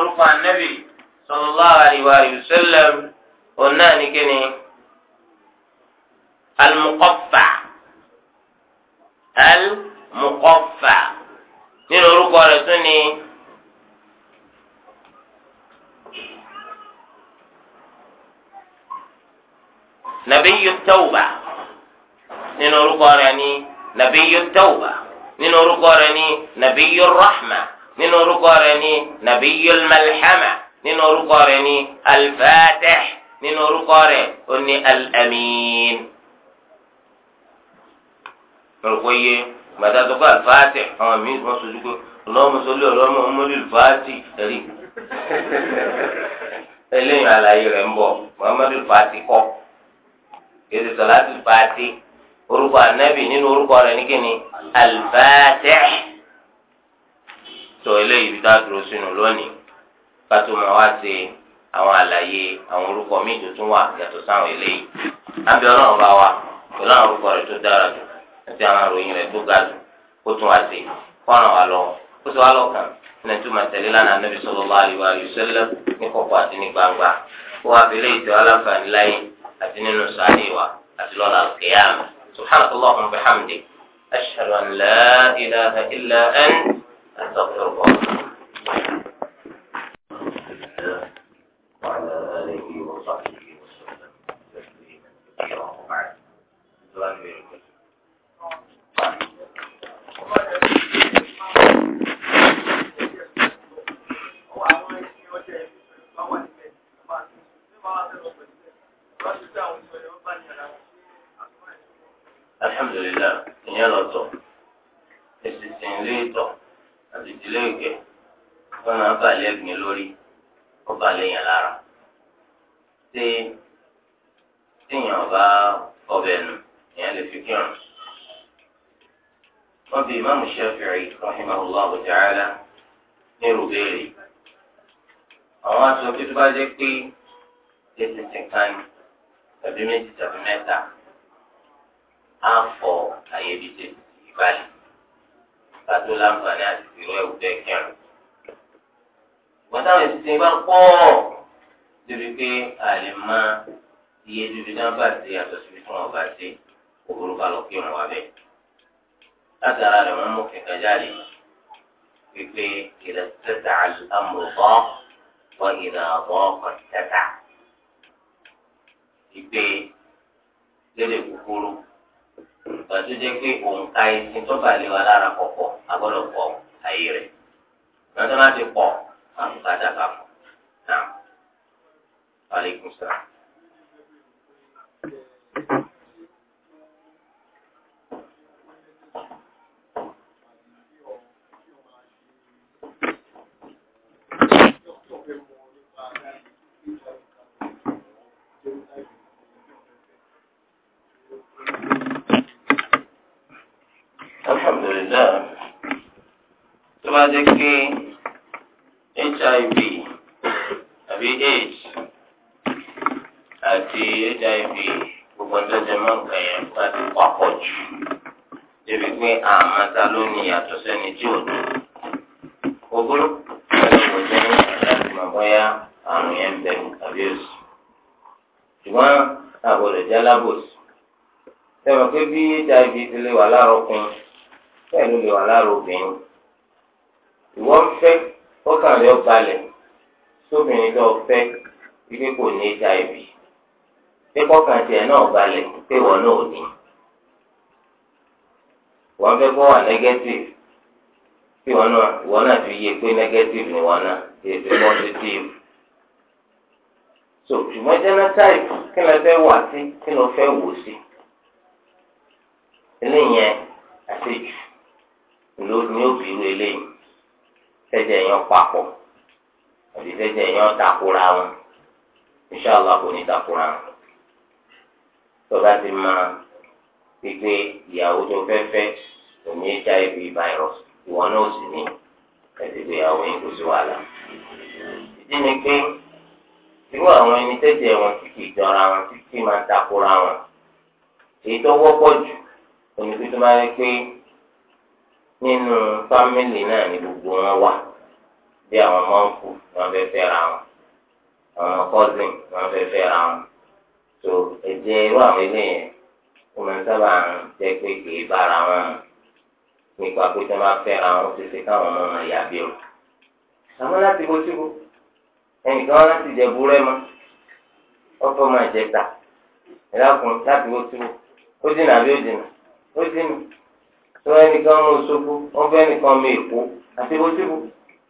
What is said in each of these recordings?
رفع النبي صلى الله عليه وآله وسلم قلنا كني المقفع المقفع من رفع رسولي نبي التوبة من رفع رسولي نبي التوبة من رفع رسولي نبي الرحمة nínú orúkọ rẹ̀ ní nabiyul malhama nínú orúkọ rẹ̀ ní alfatih nínú orúkọ rẹ̀ ó ní alamin. orúkọ yẹ gbàdá tó kọ alfatih àwọn míín wọn sojú pé ọlọ́mọ sọlé ọlọ́mọ ọmọdé alfatih ẹ̀rí eléyìí àlàyé rẹ̀ ń bọ̀ muhammadu alfatih kọ́ èdè sọlá anabi nínú orúkọ rẹ̀ ní kíni alfatih tó eléyìí bí dáàdúró sínú lónìí ká tó máa wá ṣe àwọn àlàyé àwọn orúkọ míì tó tún wà yàtọ̀ sáwọn eléyìí àbí ọlọ́run bá wa pẹ̀lú àwọn orúkọ rẹ̀ tó dára jù àti àwọn àròyìn rẹ̀ tó ga jù kó tún wá ṣe fọ́nà wa lọ kó sì wá lọ́kàn ní ẹtú máa tẹ̀lé lánàá Ànábì sallallahu alaihi wa sallam ní kọ̀kọ̀ àti ní gbangba kó wá fi eléyìí tó aláǹfààní láyé àti nínú sàárè أستغفر الله látara rẹ̀ wọ́n mú kẹ̀kẹ́ jáde wípé ìdá tẹ́tà àmùbọ́ wọ́n ìdá àbọ̀ kọ̀ tẹ́tà. Ìpè lédè kúkúrú gbàtú jẹ́ pé òǹkà ẹsìn tó bá lè wà lára pọ̀pọ̀ agbọ́dọ̀ pọ̀ ayé rẹ̀. Gbàtú láti pọ̀ àǹkà dàgbà Náà, wàlé kùsà. alhamdulilayi tó bá jẹ́ pé hiv àbí aids àti hiv gbogbo ọjọ́jọ́ máa ń kàn yẹn fún àti papọ̀ jù débi pé àmọ́ ta ló ní ìyàtọ̀ sẹ́ni tí ò ní. ogoro ẹni kò jẹ́ láti mọ̀ bóyá àrùn yẹn bẹ̀ tàbí oṣù. ṣùgbọ́n àbọ̀dọ̀ jẹ́ alábòsí. sẹ́wọ̀n pé bí hiv ti lè wà lárọ̀kùn bẹ́ẹ̀ ló lè wà lára obìnrin ìwọ ń fẹ́ ọkàn rẹ balẹ̀ sóbìnrin lọ fẹ́ ibi kò ní hiv pé kọkàn tiẹ̀ náà balẹ̀ pé wọn náà ò ní wọn fẹ́ kọ wà negative tí wọn náà wọn náà fi yé pé negative ni wọn náà èdè positive so ṣùgbọ́n genotype kí ló fẹ́ wà sí kí ló fẹ́ wò sí eléyìí yẹn àṣejù ní ó ní ó bí irú eléyìí fẹjẹ yẹn papọ̀ àbí fẹjẹ yẹn takora wọn inṣàlá kò ní takora wọn tọ́ba ti máa pípé ìyàwó tó fẹ́ fẹ́ kò hiv virus ìwọ náà sì ní ẹ̀sìn ìgbéyàwó yín kò sí wàhálà. ìdí ni pé irú àwọn ẹni tẹ́jẹ̀ wọn tí kì í jọra wọn tí kì í máa takora wọn èyí tó wọ́pọ̀ jù òní pé tó máa rí pé nínú fámìlì náà ni gbogbo wọn wà bí àwọn mọ́ǹkù wọn fẹ́ fẹ́ ra wọn àwọn kọ́sìn wọn fẹ́ fẹ́ ra wọn tó ẹ̀jẹ̀ irú àwọn eléyẹn kò máa ń sábà jẹ́ pé kì í bára wọn nípa pé tí wọ́n bá fẹ́ ra wọn ṣèṣe káwọn ọmọ wọn yà bí o. àmọ́ láti bó síbò ẹnìkan láti jẹ búrẹ́ mọ́ ọ̀pọ̀ máa jẹ ta ẹ̀dá kan láti bó síbò ó dìnnà àbí ó dìnnà ó dìnnà tí wọ́n ẹnìkan ọmọ Òṣogbo wọ́n fẹ́ ẹnìkan ọmọ Èkó àti bóṣubú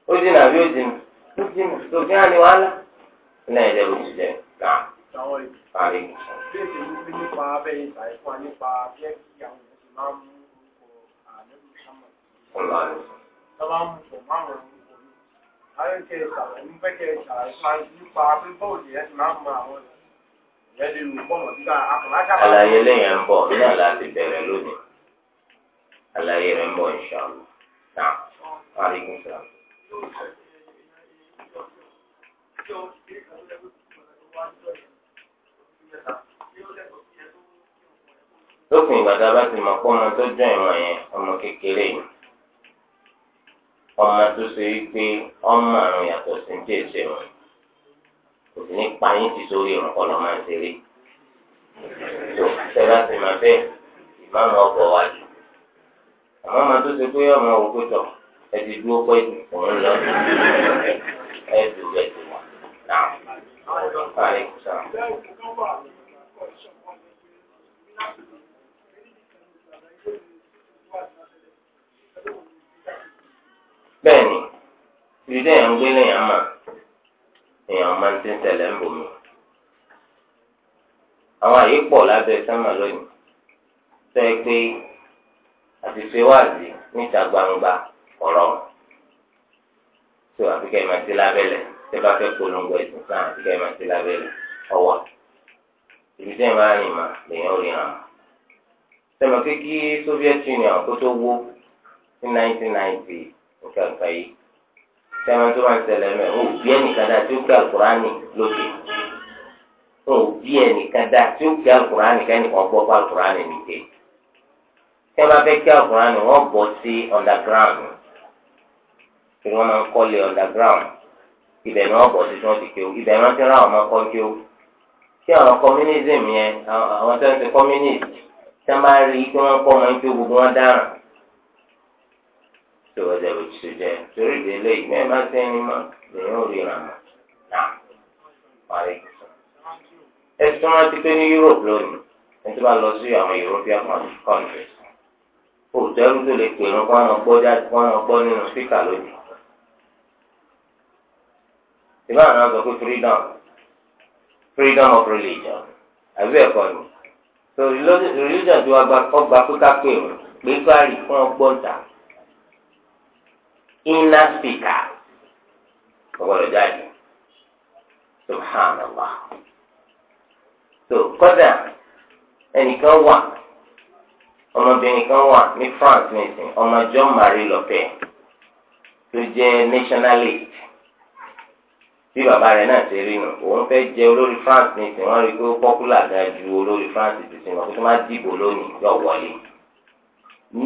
ó dínà àbí ó dínà ó dínà tó fi hàn ní wàhálà ní ẹ̀jẹ̀ ló ti jẹ náà. Parí. Bí èsì ń bí nípa abẹ́ ìta ìfún wa nípa bí ẹ kí àwọn èèyàn ti máa ń mú orúkọ àlejò sámọ̀. Ọlọ́run. Tọ́lá ń mú pọ̀ márùn-ún àwọn kẹ ṣàlàyé ń fẹ́ kẹ ṣàlàyé máa ń nípa pípọ̀ òdì ẹ̀ ti máa ń mọ àwọn ìyẹn lè rú pọ̀ mọ́ nígbà àkànlá ṣàlàyé. ẹ̀ àlàyé rẹ̀ ń bọ̀ ìṣàlù náà alaikum salaam. lópin ìgbà tá a bá ti mọ̀ pé ọmọ tó jọ ìmọ̀ yẹn ọmọ kékeré yìí ọmọ tó ṣe wípé ọmọ àrùn yàtọ̀ sí ní tẹ̀sẹ̀ wọn kò sí ní payín ti sórí ìrànkọ́ lọ́ máa ń ṣeré tó tẹ́lá ti máa bẹ́ẹ̀ ìmáàmù ọkọ̀ wájú àwọn máa tó ṣe pé ọmọ òkú tọ̀ ẹ ti dúró pé òun lọ ẹ dùn ẹ dùn wọn náà parí kùsà. bẹ́ẹ̀ni ìdílé yẹn ń gbé lẹ́yìn àmà èèyàn máa ń ti ń tẹ̀lé ń bòmí àwọn àyè pọ̀ lábẹ́ sẹ́mà lónìí sọ pé àti ṣèwádìí níta gbangba ọ̀rọ̀ tó àfikẹ́ máa ti lábẹ́lẹ̀ tẹ́ bá fẹ́ polongo ẹ̀sìn kan àfikẹ́ máa ti lábẹ́lẹ̀ ọwọ́ ibi tẹ́ ẹ máa rìn mà lèèyàn ò rí hàn. sẹ́mi pé kí Soviet Union kó tó wó ní 1990 nǹkan kan yìí sẹ́mi tó máa ń ṣẹlẹ̀ mẹ́ o bí ẹnìkan dá tí ó gbé àkùránì lókè o bí ẹnìkan dá tí ó gbé àkùránì kẹ́nìkan gbọ́ pé nìkejì kí wọ́n bá fẹ́ kí àkùrán ni wọ́n bọ̀ sí underground kí wọ́n máa ń kọ́lé underground ibẹ̀ ni wọ́n bọ̀ sí tí wọ́n ti kéwò ibẹ̀ ni wọ́n ti rán àwọn ọmọ kọ́ kéwò kí àwọn communism yẹn àwọn tó ń ṣe communist tí wọ́n bá rí kí wọ́n kọ́ wọn kí gbogbo wọn dáràn tó ọjà ló ti ṣe jẹ torí ìdílé ìgbẹ́ bá ti ẹni mọ̀ lèyìn ò rí ràn mọ́ parí. ẹ sọ wọn ti pé ní Europe lónìí ẹ ti bá lọ sí àwọn European countries òòtọ́ ẹrú tó lè pè wọn kó àwọn gbọ́ jáde kó àwọn gbọ́ nínú spíkà lónìí. ìbá àwọn àgbà pé freedom freedom of religion àbí ẹ̀kọ́ ni so religion tí wọ́n gba ọgbà pípa pè wọn pé káàrí kó wọn gbọ́ ta inner speaker ọgbọ́dọ̀ jáde subhanallah so kọ́dà ẹnìkan wà ọmọbìnrin kan wà ní France nìsín ọmọ John Marie Le Pen tó jẹ́ nationalist bí bàbá rẹ̀ náà ṣe rí nù òun fẹ́ jẹ olórí France nìsín wọ́n rí i pé ó pọ́kúlà ga ju olórí France tuntun lọ kó tó má dìbò lónìí yọ wọlé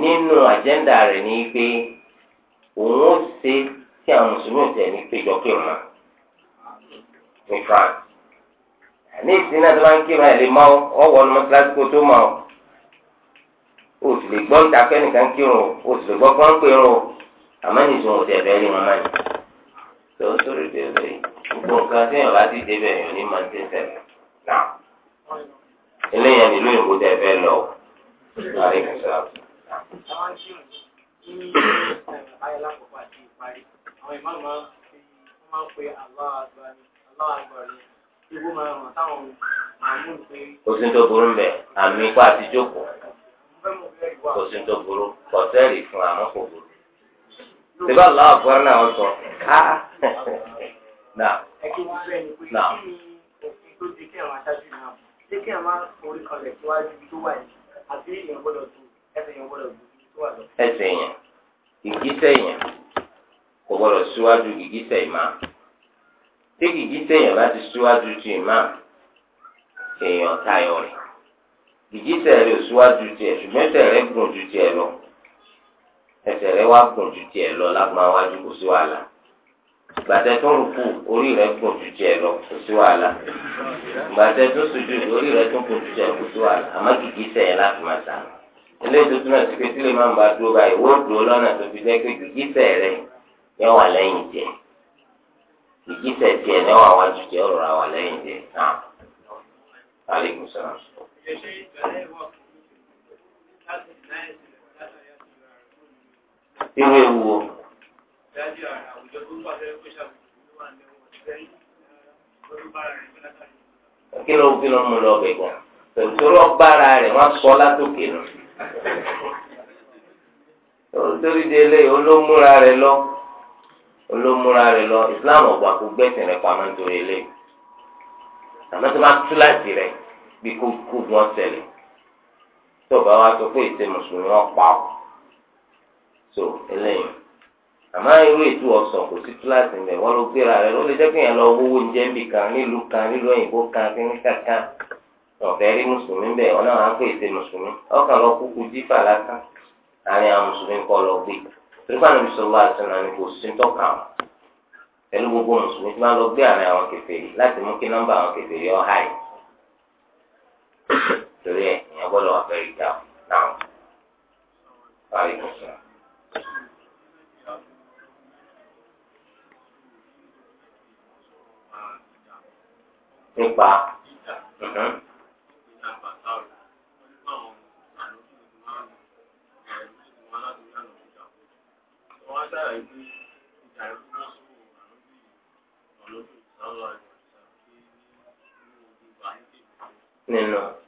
nínú àjẹ́ndà rẹ̀ ni pé òun ó ṣe tí àwọn mùsùlùmí ò tẹ̀ ní péjọ kírun náà ní France ní ìsinmi náà tó bá ń kírun ẹ̀ lè mọ́ ọwọ́ ọlọmọ kíláàsì tó mọ́ ọ o sì lè gbọ́ ta kẹ́nìkan o sì lè gbọ́ kọ́ ń pèrun o àmọ́ nìṣòro ò tẹ̀lé rí wọn mọ́ni. tó sórí bèbè gbogbo nǹkan tí èèyàn bá ti débẹ̀ èèyàn ní máa ń tẹ̀sẹ̀ nà. eléyàn nílò ìbò tẹ̀ o. parí kìsà. àwọn ìmáà máa ń pe tó burú mbẹ àmì ipá àti jókòó kò sí tó burú kọ̀tẹ́ẹ̀lì fún àmọ́ kò burú. Síbá làwọn àgbọ̀n náà wọ́n sọ ká nà nà. Ẹsẹ̀ yẹn, gìgísẹ̀ yẹn, kò gbọdọ̀ síwájú gìgísẹ̀ ìmá. Tí gìgísẹ̀ yẹn bá ti síwájú ti ìmá, èèyàn tayọ rẹ̀ gìgísẹ̀ rẹ̀ òṣùwájú tiẹ̀ ṣùgbọ́n ẹsẹ̀ rẹ̀ gùn ju tiẹ̀ lọ ẹsẹ̀ rẹ̀ wá gùn ju tiẹ̀ lọ lágbọ̀n wájú kò sí wàhálà gbàtẹ tó rúkú orí rẹ̀ gùn ju tiẹ̀ lọ kò sí wàhálà gbàtẹ tó sojú orí rẹ̀ tó gùn ju tiẹ̀ kò sí wàhálà àmọ́ gìgísẹ̀ yẹn láti máa sàmù eléyìí tó túmọ̀ sí pé tí lè má ba dúró báyìí wọ́n dúró lọ́nà tó fi jẹ́ pé gìgísẹ̀ rẹ̀ yẹn wà lẹ́yìn tiẹ̀ gìgísẹ̀ tiẹ̀ yẹn wà wájú tiẹ̀ ọ̀rọ̀ àwà lẹ́yìn tiẹ̀ náà. Irú ewu o. Kí ló kí ló mú lọ bẹ̀ gan? Tòtòrò ọgbára rẹ̀ wọ́n sọ látòkè nù. Torí de eléyìí olómúra rẹ̀ lọ. Olómúra rẹ̀ lọ. Ìsìláàmù ọ̀gbà kò gbẹ̀sìn rẹ̀ pamọ́ nítorí eléyìí. Àmọ́ tó bá tú láti rẹ̀. bí kúkú ọ̀sẹ̀lẹ̀ tó o bá wá sọ pé ètè mùsùlùmí so eléyìí àmọ́ irú ètò ọsọ kò sí kíláàsì ń bẹ̀ wọ́n ló gbéra rẹ̀ ló lè jẹ́ kéèyàn lọ owó oúnjẹ níbi kan nílùú kan nílùú òyìnbó kan kíní kankan ọ̀fẹ́ rí mùsùlùmí náà wá pé mùsùlùmí ọkàn lọ kúkú jífà lásán àárín àwọn mùsùlùmí lọ gbé gbogbo mùsùlùmí tí lọ torí ẹ̀ ìyẹn gbọ́dọ̀ wà fẹ́ẹ́ rí dáa náà parí kò sọ. nípa nínú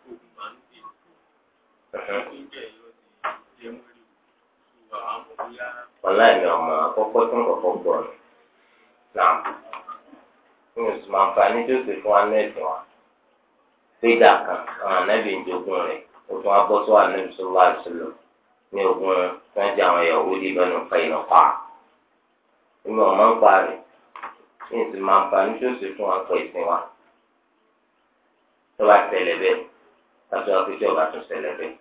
wàhálà ẹ̀mí ọmọ àkọ́kọ́ tó ń kọ̀kọ́ gbọ́ ni náà ní oṣù máa fa ní wa nẹ́ẹ̀tì kan àwọn anábì ń jogún rẹ̀ ó tún wá bọ́ sọ́wọ́ anábì sọ́wọ́ àṣìlò ní ogun wọn jẹ àwọn ìyàwó di lọ́nà fẹ́yìn ọ̀pá nínú ọmọ ń pa ní oṣù máa fa wa pọ̀ ìsìn wa tó bá tẹ̀lé bẹ́ẹ̀ àti wọn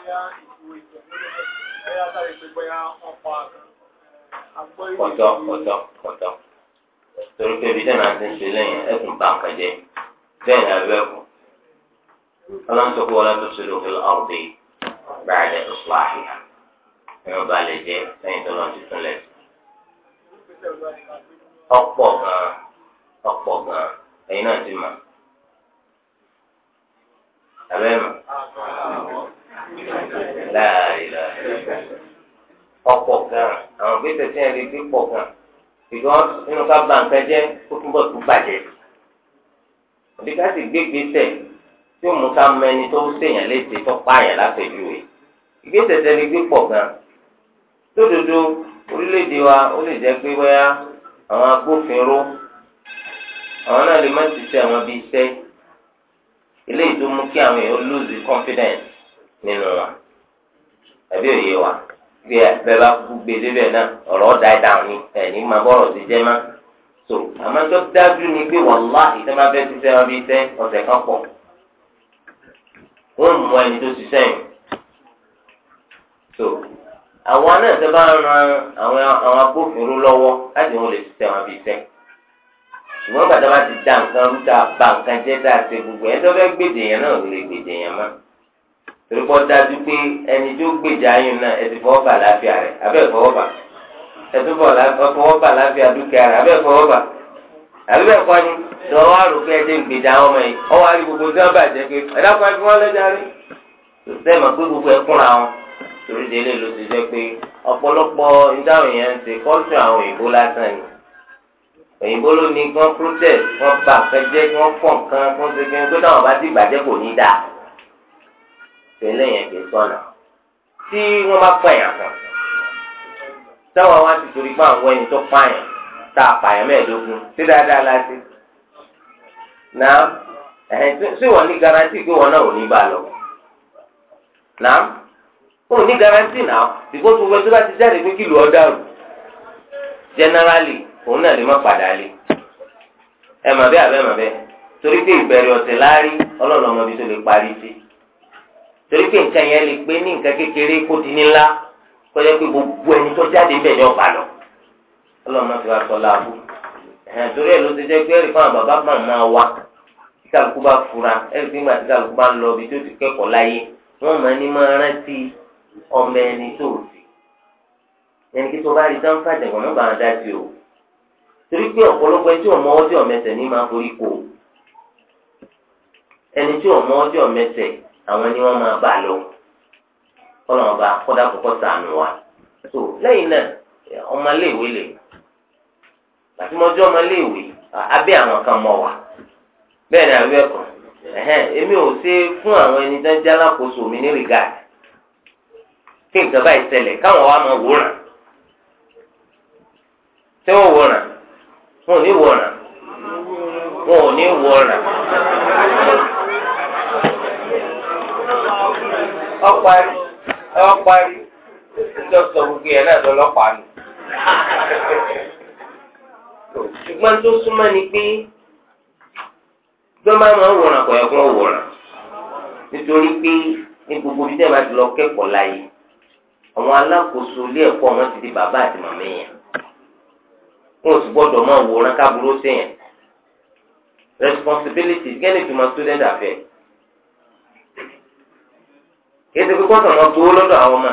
bóyá ìfò ìjẹ̀múlẹ̀ bóyá sáré pé bóyá wọ́n pa àgbọ̀yé. kọ̀tọ̀ kọ̀tọ̀ kọ̀tọ̀ torí pé ibi tẹ́lẹ̀ àti ṣe lẹ́yìn ẹkùn bá nǹkan jẹ bẹ́ẹ̀ ni abẹ́ kù ọlọ́mọsọ̀kú wọlé tó ṣe lófin ọ̀rùbí báyìí lẹ́nu sọ àhìyà ẹ̀rọ bá lè jẹ lẹ́yìn tó lọ́ọ́ ti tún ọ̀pọ̀ gan-an ọ̀pọ̀ kékeré pọ̀ gan ṣùgbọ́n nínú ká ba nǹkan jẹ́ ó túbọ̀ tún bàjẹ́ òbí ká sì gbé gbèsè tí ó mú ká mọ ẹni tó ṣèyàn léṣe tó pààyàn láfẹ̀jú rẹ̀ ìgbésẹ̀ tẹ́lẹ̀ gbé pọ̀ gan lódodo orílẹ̀-èdè wa ó lè jẹ́ pé bóyá àwọn agbófinró àwọn náà lè má ti ṣe àwọn bíi iṣẹ́ eléyìí tó mú kí àwọn èèyàn lose confidence nínú wa àbí òye wa gbé bẹ́ẹ̀ bá kú gbé débẹ̀ náà ọ̀rọ̀ ọ̀dà ìdáhùn ni ẹ̀ní máa bọ̀rọ̀ ti jẹ́ má. tó àmọ́ tó dájú ni pé wàhálà ìtẹ́má fẹ́ ti sẹ́wọ́n bí sẹ́ ọ̀sẹ̀ kan pọ̀. wọ́n mú ẹni tó ti sẹ́yìn. tó àwọn náà tẹ́ bá ran àwọn agbófinró lọ́wọ́ láti wọn lè ti sẹ́wọ́n bí sẹ́. ṣùgbọ́n gbàdá bá ti dá nǹkan rúta bá nǹkan jẹ́ dáa ṣe gbogbo ẹ̀ tòlúkọ dájú pé ẹni tó gbèjà yín náà ẹ ti fọwọ́ bà láfíà rẹ̀ abẹ́ fọwọ́ bà ẹ tún fọwọ́ bà láfíà dúkìá rẹ̀ abẹ́ fọwọ́ bà àbí bẹ́ẹ̀ kọ́ ni lọ wá rò pé ẹdẹ gbèjà àwọn ọmọ yìí ọwọ́ àrí gbogbo tí wọ́n bàjẹ́ pé ẹ̀dá kan fi wọ́n lẹ́jà rí sẹ́ẹ̀ mọ̀ pé gbogbo ẹ̀ kúnra wọn torí délé ló ti jẹ́ pé ọ̀pọ̀lọpọ̀ ìdáhùn yẹn ń ṣe kọ́ńtù àwọn òyìnbó lásán ni òyìnbó ló ní kán protest wọ́n bà kẹjẹ́ kí wọ́n fọ̀ nǹkan kó ṣe kí wọ́n tó dáhùn bá ti bàjẹ́ kò ní dáa tẹ̀lé yẹn kì í sọ̀nà tí wọ́n bá pààyàn kan táwọn wa ti torí ma àwọn ẹni tó pààyàn tá a pààyàn mẹ́ẹ̀ẹ́dógún sí dáadáa tí ní garanti pé wọn náà ò ní bá lọ ní garanti tó tó bá ti jáde pé generally òun náà lè má padà lé mà bẹ́ẹ̀ àbẹ́ mà bẹ́ẹ̀ torí pé ìbẹ̀rẹ̀ ọ̀sẹ̀ torí pé nǹkan yẹn lè pé ní nǹkan kékeré kó di nílá kọjá pé gbogbo ẹni tó jáde ń bẹ̀ ní ọ̀bà lọ. ọlọ́mọ ti wá sọ láàbù ẹ̀hìn torí ẹ̀ ló ti jẹ́ pé ẹ̀rì fún àbàbà máa máa wá tí kálukú bá fura ẹ̀rì fún ìgbà tí kálukú bá ń lọ ibi tó ti kẹ́kọ̀ọ́ láyé wọ́n máa ní máa rántí ọmọ ẹni tó sí. ẹni kí tó bá rí sáńfà àjẹ̀gbọ́n mọ́ bàá dá sí o torí pé ọ̀pọ̀lọpọ̀ àwọn ni wọn máa bá lọ kọlọmọ bá kọdà kọkọ sànù wa so lẹ́yìn náà ọmọléèwé lè àti mọjọ ọmọléèwé abẹ àwọn kan mọ wa bẹ́ẹ̀ ni àwọn ẹ̀kọ́ èmi ò ṣe fún àwọn ẹni tó ń jẹ alákòóso mi ní rìgáàdì kí nǹkan báyìí ṣẹlẹ̀ káwọn wa máa wòrán. tí wọn wòran wọn ò ní wòrán. wọn ò ní wòran. ọparí ọparí dókítà gbogbo yẹn náà lọ́lọ́pàá nù. ṣùgbọ́n tó súnmọ́ ni pé dọ́mà máa ń wòran kọ̀ ẹ̀kún wòran nítorí pé ní gbogbo bí dẹ́gbà ti lọ kẹ́kọ̀ọ́ láyé àwọn alákòóso ilé ẹ̀kọ́ wọn ti di bàbá àti màmá yẹn wọn ò sì gbọ́dọ̀ máa wòran káàbúrò sẹ́yìn responsibility gẹ́nì tó máa student affairs kéde kókó sọ̀rọ̀ gbowó lọ́dọ̀ àwọn ọmọ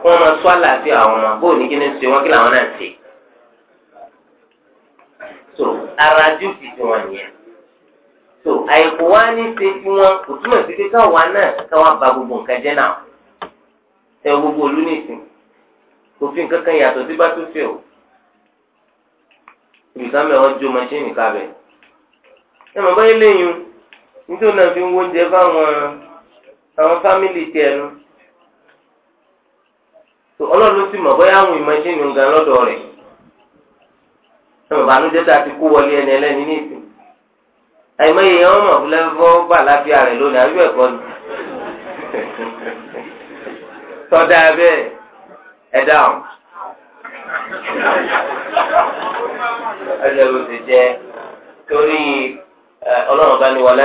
kó wọn máa sọ àlàáfíà àwọn ọmọ bó ní kí ni ṣe wọn kí làwọn náà ṣe so ara dúkì tí wọn yẹn so àìkú wa ní ṣe tí wọn kò túmọ̀ sí pé káwa náà káwa ba gbogbo nǹkan jẹ́ náà ẹ gbogbo olú nìsín kò fi nǹkan kan yàtọ̀ sí bá tó fẹ́ o ibìkan mẹ́wọ́n jó mọ́ṣíìnì ẹ mọ̀ báyìí lẹ́yìn nítorí náà fi ń wọ́n jẹ fáwọn. àwọn fámìlì tiẹ̀ nu ọlọ́run sì mọ̀ bóyá àwọn ìmọ̀ṣẹ́ni ń gan lọ́dọ̀ rẹ̀ ẹ̀mọ̀ tá a ti kó wọlé ẹni ẹlẹ́ni ní ìsìn àìmọye yẹn wọ́n mọ̀ fúnlẹ́ fọ́ bà láfíà rẹ̀ lónìí àbí bẹ́ẹ̀ kọ́ ni tọ́da bẹ́ẹ̀ ẹ dáhùn ẹlẹ́rù ti jẹ́ torí ọlọ́run bá ní wọlé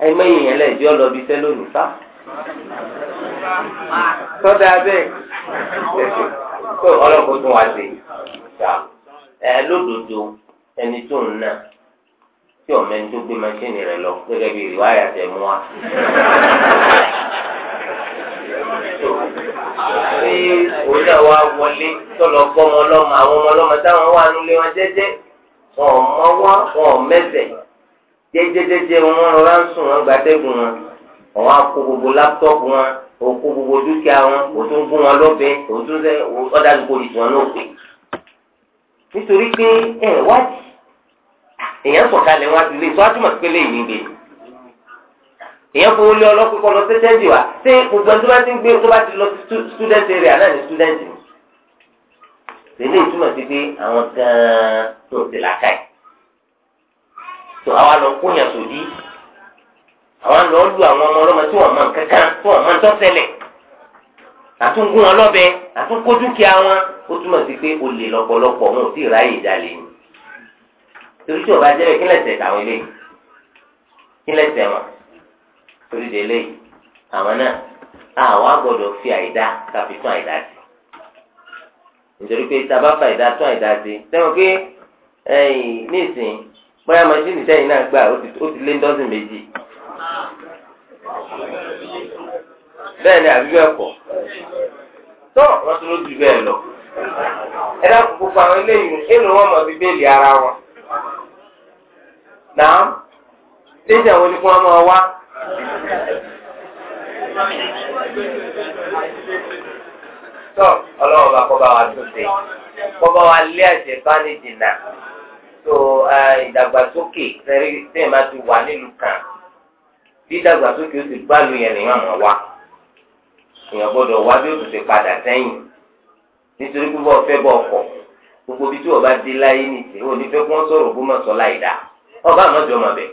ẹgbẹ́ yìnyẹn lẹ̀ jẹ́ ọlọ́bi iṣẹ́ lónìí sá. sọ́dà bẹ́ẹ̀ tó ọlọ́kùn tún wá sí ẹ lódodo ẹni tó ń nà tí ọmọ ẹni tó gbé machine rẹ lọ gẹ́gẹ́ bí ìwáyà tẹ̀ mú wa ní orí àwa wọlé tọlọ gbọmọ ọlọmọ àwọn ọmọ ọlọmọ táwọn wà nílé wọn jẹ́jẹ́ wọn ò mọwọ wọn ò mẹsẹ jẹjẹjẹjẹ wọn rọra ń sùn wọn gbàtẹ́gùn wọn wọn akó gbogbo láptọ́pù wọn òkú gbogbo dúkìá wọn òtún gún wọn lọ́bẹ òtún sẹ ọ̀dà gbogbo ìtàn náà pè nítorí pé ẹ wádìí èèyàn sọ̀kalẹ̀ wọn àti ilé tó átúmọ̀ pélé yìí gbé èèyàn fowó lé ọlọ́pẹ́ kọ́ lọ sí sẹ́ńdì wa ṣé gbogbo ẹni tó bá ti ń gbé tó bá ti lọ student area náà ní student ni tẹ̀lé ìtumọ̀ sí pé àwọn gan-an tó ti làákàyè tó àwa lọ kó yàn sòdí àwa lọ lu àwọn ọmọ ọlọ́mọ tí wọ́n mọ kankan tí wọ́n mọ ntọ́sẹ̀lẹ̀ àtúngún wọn lọ́bẹ àtúnkó dúkìá wọn ó túmọ̀ sí pé olè lọ́pọ̀lọpọ̀ wọn ò sì ráyè jalè ni torí tí o bá jẹ́rẹ̀ kí lẹ́sẹ̀ tàwọn eléyìí kí lẹ́sẹ̀ wọn torí de eléyìí àwọn náà àwọn agbọ́dọ̀ fi àìdá káfi tún àìdá sí nítorí pé tá a bá tún àìdá sí sẹ́wọ̀n pé ẹ̀yìn nísìnyí bóyá machine sẹ́yìn náà gbà ó ti lé dọ́sìn méjì bẹ́ẹ̀ ni àbí bẹ́ẹ̀ kọ́ tó wọ́n tún ló ju bẹ́ẹ̀ lọ ẹ dákun gbogbo àwọn eléyìí èlò ara wọn náà tíjà àwọn oníkun wọn máa wá tó ọlọ́wọ́ bá kọ́ bá wa tún ṣe kọ́ bá wa lé so eh, ìdàgbàsókè tẹ́lẹ̀ máa ti wà nílùú kan ti gbá lu yẹn lèèyàn mọ̀ wá èèyàn gbọ́dọ̀ wá bí ó ti ṣe padà sẹ́yìn nítorí pé bọ́ọ̀ fẹ́ bọ́ọ̀ gbogbo bí tí wọ́n bá dé láyé nìsí ó ní fẹ́ kí wọ́n sọ̀rọ̀ bó má sọ láì dá ọba àmọ́jọ́ mọ̀ bẹ̀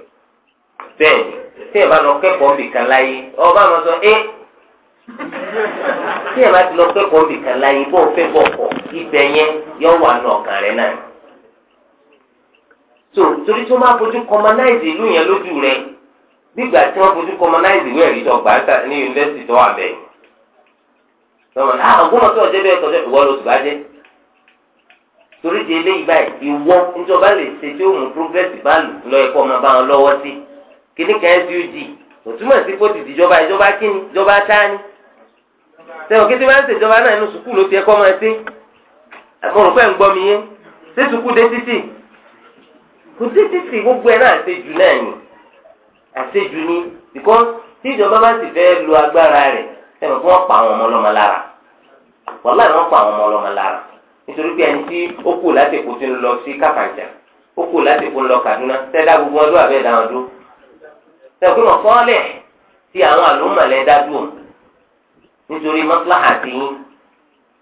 bẹ́ẹ̀ bá lọ kẹ́kọ̀ọ́ eh. ti lọ kẹ́kọ̀ọ́ láyé so torí tí wọ́n máa fojú commonize ìlú yẹn lójú rẹ̀ nígbà tí wọ́n fojú commonize ìwé ẹ̀rí dọ́gba ní yunifásitì tó wà bẹ́ẹ̀ tọ́mọ ah, náà àwọn ọmọ tó ọjọ́ bẹ́ẹ̀ tọ́jú ìwọ ló tùbá jẹ́ torí di eléyìí báyìí ìwọ níjọba lè ṣe tí ó mú progress bá lù lọ ẹ̀kọ́ ọmọ bá wọn lọ́wọ́ sí kíní kan sug kò túmọ̀ sí kó ti dìjọba ìjọba kíni ìjọba táni sẹ́wọ̀n kí tí wọ́n ń ṣèjọba náà inú sùkúù ló ti ẹ̀kọ́ máa ṣe mo rò pé ń gbọ́ mi yé ṣé sùkúù dé títì kò sí títì gbogbo ẹ̀ náà àṣejù náà ni àṣejù ni because tí ìjọba bá sì fẹ́ lo agbára rẹ̀ sẹ́nu kí wọ́n pa àwọn ọmọ ọlọ́mọ lára wàhálà ni wọ́n pa àwọn ọmọ ọlọ́mọ lára nítorí pé ẹni tí ó kù láti kù ti ń lọ sí Kàfàǹjà ó kù láti kù ń lọ Kaduna sẹ́dá gbogbo wọn ló àbẹ́ dáhùn dúró sẹ́nu kí wọ́n fọ́ọ́lẹ̀ tí àwọn àlùmọ̀lẹ́ dá dùn nítorí mọ́tíláhà ti yín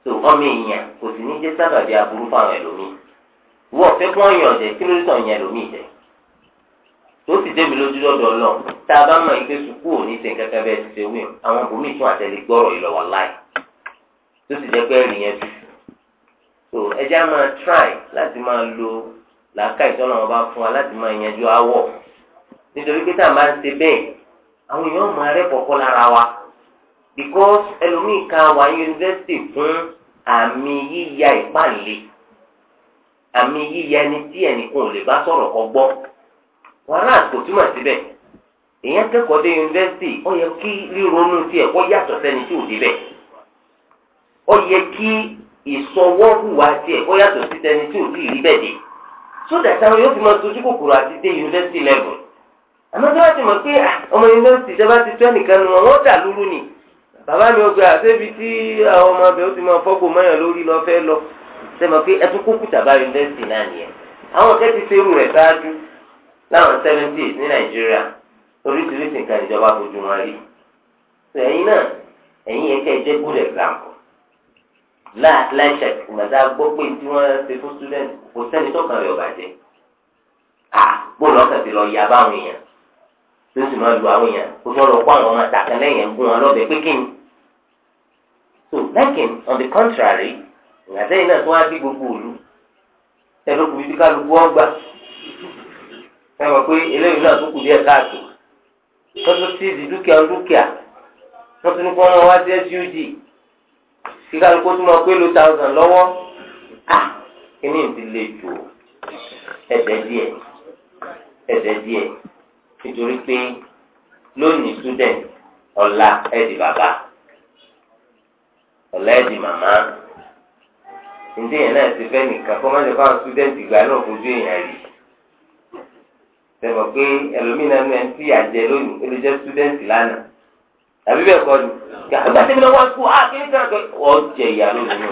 tó ọmọ èèyàn kò sì ní jẹ́ sábàbí aburú fáwọn ẹlòmíì wọ́n fẹ́ kí wọ́n yàn jẹ́ kí ló tàn yẹn lómi jẹ́ tó sì débi lójú lọ́dọ̀ lọ tá a bá mọ ìgbé sùkúù òní ṣe kankan bẹ́ẹ̀ ti ṣe wí àwọn bòmí tún àtẹlẹ gbọ́rọ̀ ìlọ́wọ́ láì tó sì jẹ́ pé ẹ̀rìn yẹn tù so ẹja máa try láti máa lo làákà ìtọ́nà wọn bá fún wa láti máa yanjú awọ nítorí pé tá a máa ń ṣe bẹ́ẹ̀ àwọn èèyàn máa rẹ́ kọ̀ọ̀kọ́ lára wa because ẹlòmíì kan wà yunifásitì fún àmì yíya ìpàlẹ́ àmì yíyẹ ẹni tí ẹnìkan ò lè bá sọ̀rọ̀ kọ wọn náà kò túmọ̀ síbẹ̀ èèyàn kẹ́kọ̀ọ́ dé yunifásitì ó yẹ kí ríronú tiẹ̀ kó yàtọ̀ sẹ́ni tí ò débẹ̀ ó yẹ kí ìsọwọ́hùwà tiẹ̀ ó yàtọ̀ sí sẹ́ni tí ò tí rí bẹ́ẹ̀ dé sódà táwọn yóò fi máa sojú kòkòrò àti dé yunifásitì àmọ́ tí ah, ọmọ yunifásitì ti nu wọn ni bàbá mi ò gbé ah, tí àwọn ah, ọmọ ó ti máa mọ́yàn lọ sẹ́mi pé ẹtú kúkú tàbá yunifásitì náà nìyẹn àwọn ọ̀kẹ́ ti ṣerú rẹ̀ ṣáájú láwọn seventies ní nàìjíríà oríṣiríṣi nǹkan ìjọba fojú wọn rí ẹ̀yin náà ẹ̀yin yẹn kẹ́ ẹ jẹ́ good example láṣẹ ìgbàdá gbọ́ pé tí wọ́n ṣe fún student kò sẹ́ni tó kàn rẹ̀ ọ̀bàjẹ́ àgbọ̀n ọ̀sẹ̀ ti lọ ya báwọn èèyàn tó sì máa lu àwọn èèyàn kó tó lọ kó àwọn ọmọ àtàkàn lẹ́yìn ẹ̀gún wọn lọ́bẹ̀ pé kí ni. so lẹ́kìn on the contrary ìgbàsẹ́yìn náà tó wá dé gbogbo òlu ẹlòkù bíbí kálukú ọgbà ẹ mọ̀ pé eléyìí náà tó kù díẹ̀ káàtó wọ́n tún ti di dúkìá dúkìá wọ́n tún ní kó wọ́n wá sí sud kí kálukú tún mọ̀ pé lo thousand lọ́wọ́ à kíní ti le jù ẹ̀dẹ̀ díẹ̀ ẹ̀dẹ̀ díẹ̀ nítorí pé lónìí student ọ̀la ẹ̀dì bàbá ọ̀la ẹ̀dì màmá ǹjẹ́ yẹn náà ti fẹ́ nìkan kó má lè fáwọn sítúdẹ̀ǹtì gbà náà fojú èèyàn rí tẹ̀mọ̀ pé ẹlòmínà náà ti àjẹ lónìí ó lè jẹ́ sítúdẹ̀ǹtì lánàá àbí bẹ́ẹ̀ kọ́ ni àgbà tẹ́mi náà wá kú á ah, kí ní sẹ́yìn pé ọ jẹ ìyá lónìí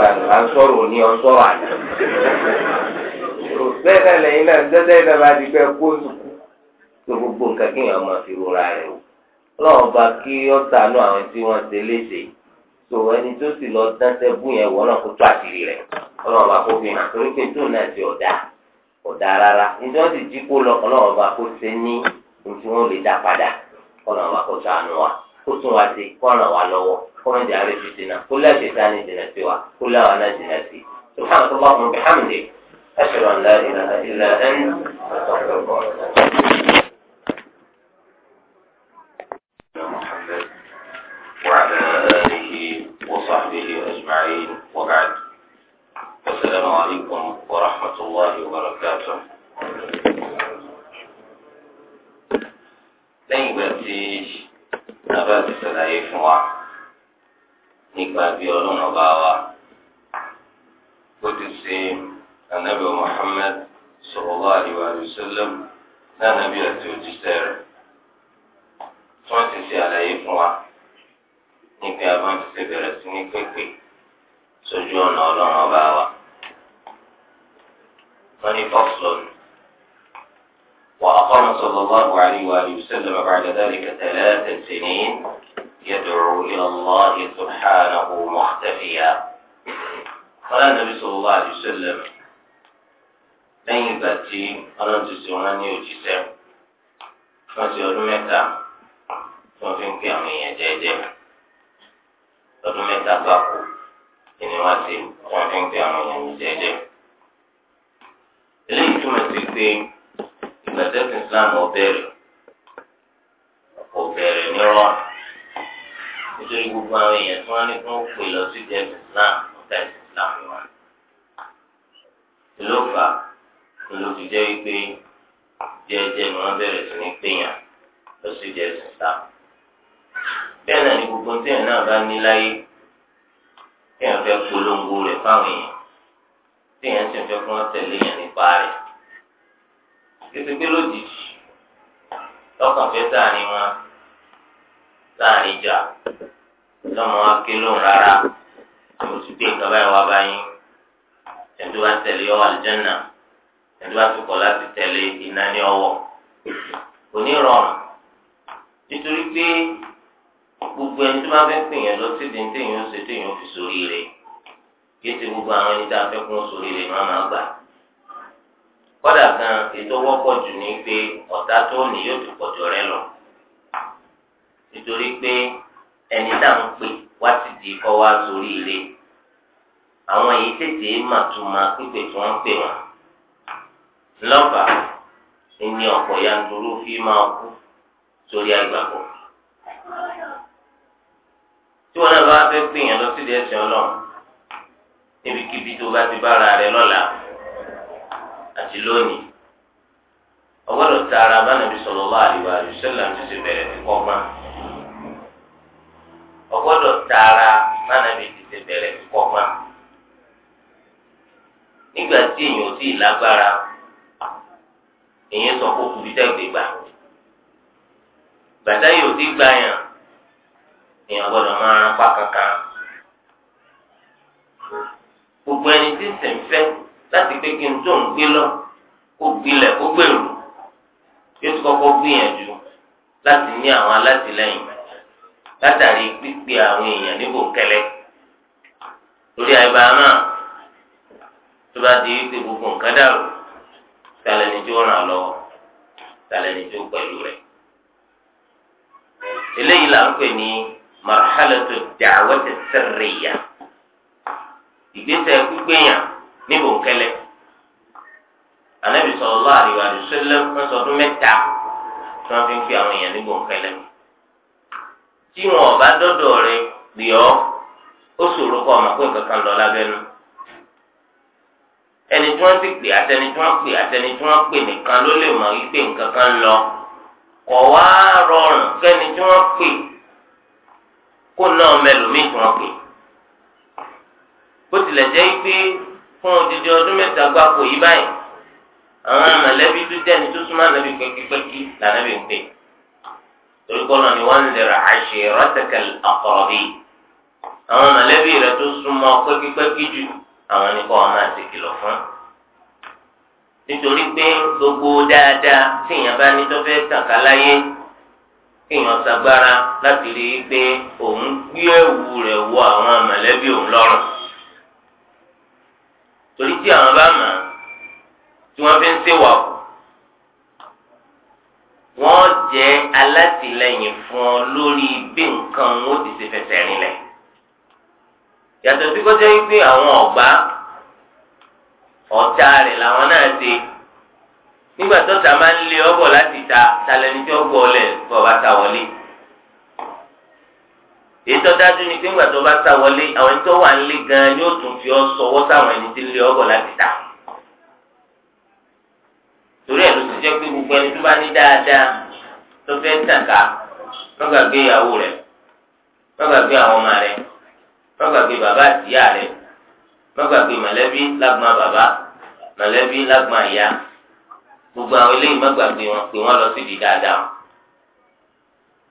o à ń sọ̀rọ̀ òní ọ sọ̀rọ̀ àná bẹ́ẹ̀ náà lẹ́yìn náà jẹ́jẹ́ náà bá di pé kó sùkú tó gbogbo nǹkan kéèyàn máa fi kí so ẹni tó sì lọ dáńtẹ́ bú yẹn wọ́n náà kó tó àṣírí rẹ̀ ọlọ́run bá kó fi hàn torí pé tóun náà ti ọ̀dà ọ̀dà rárá nítorí wọ́n ti jí kó lọ ọlọ́run bá kó ṣe ní ohun tí lè dá padà ọlọ́run bá kó ṣàánú wa kó tún wa ṣe kó ràn wá lọ́wọ́ kó ràn jàre fi dènà kó lẹ́sẹ̀ sani dènà sí wa kó láwa náà dènà sí subhanahu wa ta'ala muhammed ashhadu an la ilaha illa anta astaghfiruka وصحبه أجمعين وبعد السلام عليكم ورحمة الله وبركاته لن يبتش نبات السلايف نوع نكبر بيولون أباوة وتسيم النبي محمد صلى الله عليه وسلم نبي أتوجه سير النبي محمد níbi abá ń fi bẹ̀rẹ̀ sí ní pépè sójú ọ̀nà ọlọ́run ọba wa. wọ́n ní fox lọ́nù. وأقام صلى الله عليه وآله وسلم بعد ذلك ثلاث سنين يدعو إلى الله سبحانه مختفيا قال النبي صلى الله عليه وسلم lẹ́yìn ìgbà tí ọlọ́run ti ṣe wọn ní òjíṣẹ́ wọ́n ti sọ won ni mẹ́ta tí won fi ń pè àwọn èèyàn jẹjẹrẹ. lọ́dún mẹ́ta gbáko ìní wá sí wọn fi ń pe àwọn èèyàn ní jẹ́jẹ́. eléyìí túmọ̀ sí pé ìgbàdẹ́sìn Islam ọ̀bẹ̀rẹ̀ kò bẹ̀rẹ̀ nírọ̀ nítorí gbogbo àwọn èèyàn tí wọ́n ní kí wọ́n pè lọ sí jẹ́sìn Islam ọ̀tá ìsìn Islam wa. ló fà ló fi jẹ́ wípé jẹ́jẹ́ ni wọ́n bẹ̀rẹ̀ sí ní pèèyàn lọ sí jẹ́sìn Islam bẹ́ẹ̀ náà ni gbogbo ntẹ̀yìn náà bá ní láyé tẹ̀yìn fẹ́ polongo rẹ̀ fáwọn èèyàn tẹ̀yìn sì fẹ́ kí wọ́n tẹ̀lé yẹn nípa rẹ̀ kékeré lójijì lọ́kàn fẹ́ sáàrin wọn sáàrin ìjà lọ́mọ wa ké lóhùn rárá mo ti gbé nǹkan báyìí wá báyìí ẹ̀dùn bá tẹ̀lé ọ àlùjẹ́nà ẹ̀dùn bá ti láti tẹ̀lé iná ọwọ́ kò nítorí pé gbogbo ẹni tó bá fẹ́ pè yẹn lọ sí dèntè yẹn ó ṣe tó yẹn ó fi sórí rẹ̀ kí ti gbogbo àwọn ẹni tá a fẹ́ kún sórí rẹ̀ máa máa gbà. kọ́dà kan ètò wọ́pọ̀ jù ní pé ọ̀tá tó ní yóò ti pọ̀jọ rẹ lọ nítorí pé ẹni tá à ń pè wá ti di kọ́ wá sórí rẹ̀ àwọn èyí tètè mà tún máa pípé tí wọ́n pè wọ́n lọ́fà ni ọ̀pọ̀ yanturu fi máa kú sórí àgbàgbọ́. tí wọn náà bá fẹ́ pè yàn lọ sídìí ẹ̀sìn tó bá ti rẹ lọ́la àti lónìí ọgbọ́dọ̀ tààrà bánàbí sallallahu alaihi wasallam ti ṣe bẹ̀rẹ̀ sí kọ́gbọ́n ọgbọ́dọ̀ tààrà bánàbí ti ṣe bẹ̀rẹ̀ nígbà tí èèyàn ò tí lágbára èèyàn sọ kó kùbí tẹ́gbẹ̀gbà yìí ò tí gbà èèyàn gbọ́dọ̀ máa rán pa kankan gbogbo ẹni tí sì ń fẹ́ láti pé kí n tó ń gbé lọ kó gbilẹ̀ kó gbèrò yóò ti kọ́kọ́ gbìyànjú láti ní àwọn alátìlẹ́yìn látàrí pípé àwọn èèyàn níbò kẹlẹ lórí àyíká náà tó bá di wípé gbogbo nǹkan dàrú tàlẹ́ ni tí ó ràn lọ́wọ́ tàlẹ́ ni tí ó pẹ̀lú rẹ̀ eléyìí là ń pè ní. marhalatu da'wati sirriya ìgbésẹ̀ gbígbéyàn níbò kẹlẹ́ anabi sallallahu alaihi wa sallam ọsọdún mẹ́ta tí wọn fi a fi àwọn èèyàn níbò kẹlẹ́ tí wọn ọba dọdọ rẹ pè ọ ó ṣòro kọ ma k'o nǹkan kan lọ lábẹnú ẹni tí wọn ti pè àtẹni tí wọn pè àtẹni tí wọn pè nìkan ló lè mọ lọ kọ wá rọrùn kẹni tí wọn pè. kó náà mẹlòmíì tí wọ́n pè bó tilẹ̀ jẹ́ pé fún odidi ọdún mẹ́ta gbáko yìí báyìí àwọn mọ̀lẹ́bí tó dẹ́ni tó súnmọ́ ànábì pẹ́kípẹ́kí lànàbì ń pè torí kọ́nà ni wọ́n ń lè ra àṣẹ rọ́tẹ̀kẹ̀lì àkọ́rọ̀bì àwọn mọ̀lẹ́bí rẹ̀ tó súnmọ́ pẹ́kípẹ́kí jù àwọn ni kọ́ máa ti kìlọ̀ fún. nítorí pé gbogbo dáadáa tíyẹn bá ní tó fẹ́ tàn ká láyé kéèyàn sagbára láti rí i pé òun gbé ẹ̀wù rẹ̀ wọ àwọn mọ̀lẹ́bí òun lọ́rùn torí tí àwọn bá mọ̀ tí wọ́n fi ń ṣèwà kù wọ́n jẹ́ alátìlẹ́yìn fún ọ lórí bí nǹkan wọn ó ti ṣe fẹsẹ̀ rinlẹ̀ yàtọ̀ sí kó jẹ́ pé àwọn ọ̀gbá ọ̀tá rẹ̀ làwọn náà ṣe nígbà tó ta máa ń lé ọbọ láti ta talẹni tí ọgbọ ọlẹ tó bá ta wọlé èyí dájú ni pé ńgbà tó bá ta wọlé àwọn ẹni tó wà ń lé ganan yóò tún fi ọ sọwọ́ sáwọn ẹni tí ń lé ọbọ láti ta torí ẹ̀ ló ti jẹ́ pé gbogbo ẹni tó bá ní dáadáa tó fẹ́ tàn ká má ìyàwó rẹ̀ má gbàgbé àwọn ọmọ rẹ̀ má gbàgbé bàbá àtìyá rẹ̀ má gbàgbé mọ̀lẹ́bí lágbọ́n bàbá mọ̀lẹ́bí lágbọ́n ìyá gbogbo àwọn eléyìí má gbàgbé wọn pé wọn lọ síbi dáadáa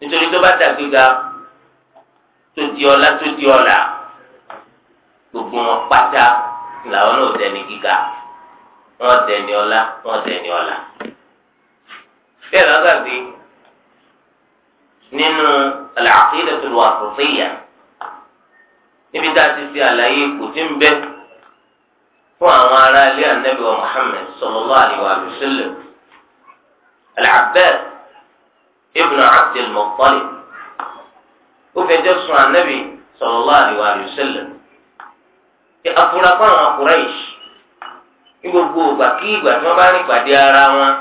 nítorí tó bá dàgbéga tó di ọlá tó di ọlà gbogbo wọn pátá làwọn náà dẹni gíga wọn dẹni ọlá wọn dẹni ọlà bẹ́ẹ̀ lọgàgbé nínú al-aqidatul wasatiyya níbi tá a ti ṣe àlàyé kò tí ń bẹ. fún àwọn ará ilé ànábì wa Muhammad sallallahu alaihi wa al sùn ànábì kí àwọn ní gbogbo kí ìgbà tí wọ́n bá ní pàdé ara wọn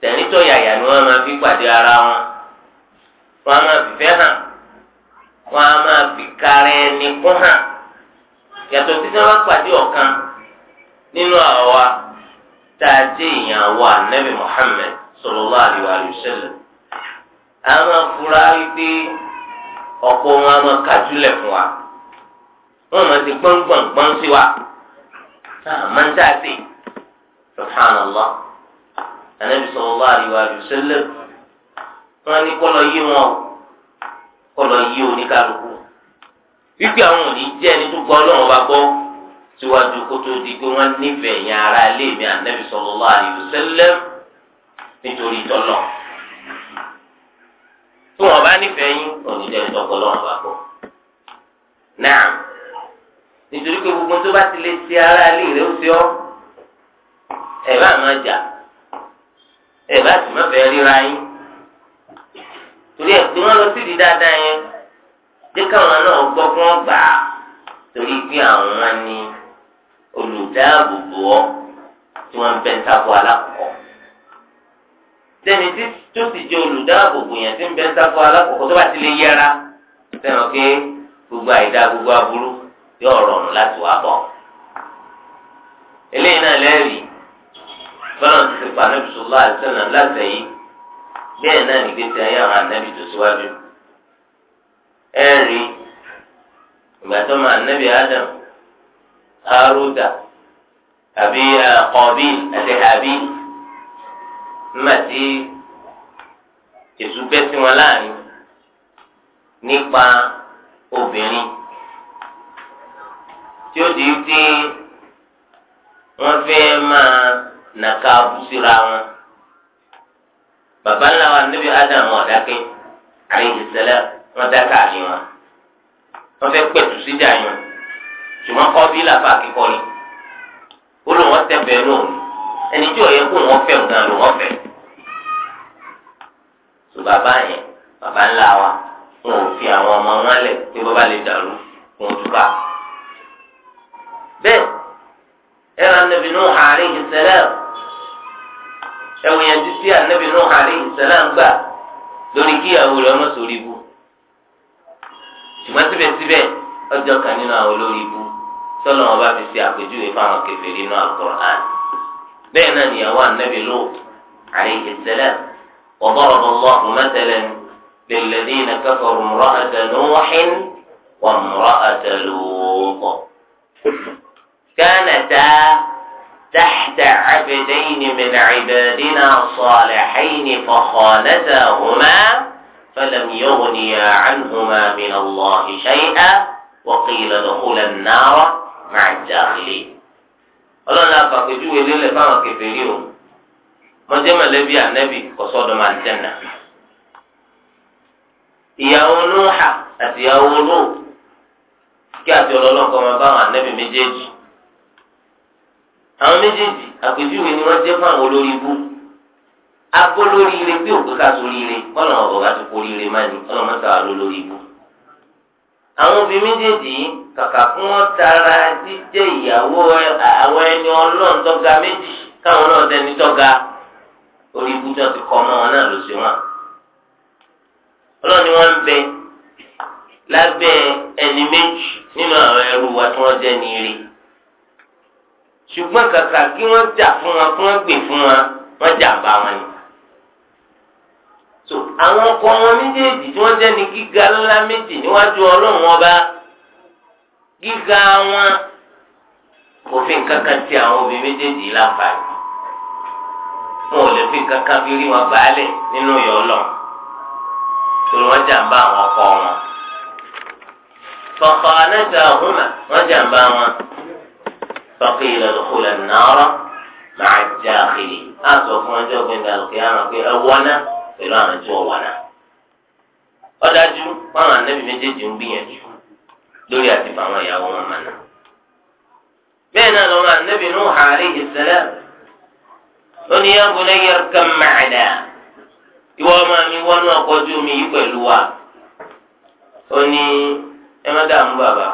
tẹ̀nitọ́ yàyà ni wọ́n máa fi pàdé ara wọn wọ́n máa fi fẹ́ hàn wọ́n máa fi nínú àwa tá a jẹ́ èèyàn wa Muhammad sallallahu alaihi wasallam àwọn afura wípé ọ̀pọ̀ wọn a máa kájúlẹ̀ fún wa wọn máa ti gbọ́ngbọ̀ngbọ́n sí wa náà máa ń tà sí subhanallah anabi sallallahu wọn ní kọlọ yí wọn kọlọ yí oníkálukú wípé àwọn ò ní jẹ́ ẹni tó gbọ́ ọlọ́run bá gbọ́. síwájú kótó di pé wọ́n nífẹ̀ẹ́ yẹn ara ilé mi ànábì sallallahu alaihi wasallam nítorí tọ́lọ̀ tí wọ́n bá nífẹ̀ẹ́ yín òní jẹ́ ìtọ́kọ lọ́wọ́ bá bọ̀ náà nítorí pé gbogbo tó bá ti lè ṣe ara ilé rẹ̀ ó ṣe ọ́ ẹ̀ bá máa jà ẹ̀ bá sì má fẹ́ ríra yín torí ẹ̀ pé wọ́n lọ sí ìdí dáadáa yẹn jẹ́ káwọn náà gbọ́ kí wọ́n torí pé àwọn ni olùdáàbòbò ọ tí wọ́n bẹ ń takò alákọ̀ọ́ sẹ́ni tí tó sì jẹ́ olùdáàbòbò yẹn tí ń bẹ ń takò alákọ̀ọ́ tó bá ti lè yẹra sẹ́wọ̀n pé gbogbo àìdá gbogbo aburú yóò rọrùn láti wá bọ̀ eléyìí náà lẹ́rìí bọ́lá ti ti pa níbi sọ́lá àìsàn láti ẹ̀yìn bẹ́ẹ̀ náà nígbésí ayé àwọn anábì tó síwájú ẹ̀rí ìgbà tó máa nábì Ádámù. aroda àbí kọ̀ọ̀bìn àti habil nígbà tí èṣù bẹ́ láàrin nípa obìnrin tí ó di tí wọ́n fẹ́ máa nàka abúsíra wọn baba ńlá wa níbi adam ọ̀dákẹ́ àyè ìṣẹ̀lẹ̀ wọn dákàá ni wọn wọ́n fẹ́ pẹ̀tù síjà ṣùgbọ́n kọ́ bí làbá akẹ́kọ̀ọ́ yìí ó lò wọ́n tẹ̀ bẹ́ẹ̀ lóhùn ẹni tí òye kó wọ́n fẹ́ gan ló wọ́n fẹ́ tó bàbá yẹn bàbá ńlá wa wọn ò fi àwọn ọmọ wọn lẹ̀ pé bàbá lè dàrú wọn ò túká bẹ́ẹ̀ ẹ̀rọ anabi nù alayhi salam ẹ̀wọ̀n yẹn ti sí anabi nù alayhi salam gbà lórí kíyàwó rẹ̀ ọmọ sórí bu ṣùgbọ́n síbẹ̀síbẹ̀ ọjọ́ kan nínú àwọn olórí bu tọ́lọ́ wọn bá fi ṣe àpèjúwe fáwọn kèfèrí inú al-Qur'an bẹ́ẹ̀ náà níyàwó anabi ló Lut alayhi salam wa daraba Allahu mathalan lilladhina kafaru imra'ata Nuhin wa imra'ata Lut kanata tahta 'abdayn min 'ibadina salihayn fakhanatahuma falam yughniya 'anhuma min Allahi shay'an wa qila udkhula an-nara máa jà lé ọlọ́run àfàpèjúwe lélẹ̀ fáwọn o mọ̀jẹ́ mọ̀lẹ́bí ànẹ́bì kọ́sọ́dọ̀ máa jẹ́ nà ìyàwó nùhà àti ìyàwó lò kí àti ọlọ́run kọ́ máa báwọn ànẹ́bì méjèèjì àwọn méjèèjì àpèjúwe ni wọ́n jẹ́ fáwọn olórí ibú akó lórí ire bí òkú ká sórí ire kọ́nà ọ̀bọ̀ ti ire kàkà fún wọn tara jíjẹ́ ìyàwó àwọn ẹni ọlọ́run tọ́ga méjì káwọn náà dẹni tọ́ga orí ibùdó ti kọ́ ọmọ wọn náà lọ ṣe wọn. ọlọ́run ni wọ́n ń bẹ lábẹ́ ẹni méjì nínú àwọn ẹrú wa tí wọ́n jẹ́ ní rí ṣùgbọ́n kàkà kí wọ́n jà fún wọn kí wọ́n gbè fún wọn wọ́n jà bá wọn ni. àwọn ọkọ wọn méjèèjì tí wọ́n jẹ́ ní gíga ńlá méjì níwájú ọlọ́run ọba. gíga wọn kò fi nǹkan kan ti àwọn obìnrin méjèèjì láǹfààní wọn ò lè fi nǹkan fi rí wọn gbàálẹ̀ nínú ìyọ́ lọ torí wọ́n jàǹbá àwọn ọkọ wọn fọ̀fọ̀ anájà ọ̀húnà wọ́n jàǹbá wọn fọ̀kì ìlọ̀lùkulẹ̀ nàárọ̀ màá jà kiri á sọ fún ọjọ́ gbẹ̀ngà lókè àwọn pé àwọn wọn àwọn anábì méjèèjì ń gbìyànjú. lórí ati àwọn ìyàwó wọn mọ̀nà. bẹ́ẹ̀ náà lọ́wọ́ anábì Nuhu alayhi salam ó ní ya bunayya irkab ma'ana ìwọ ọmọ mi wọnú ọkọ̀ ojú yìí pẹ̀lú wa ó ní ẹ má dààmú bàbá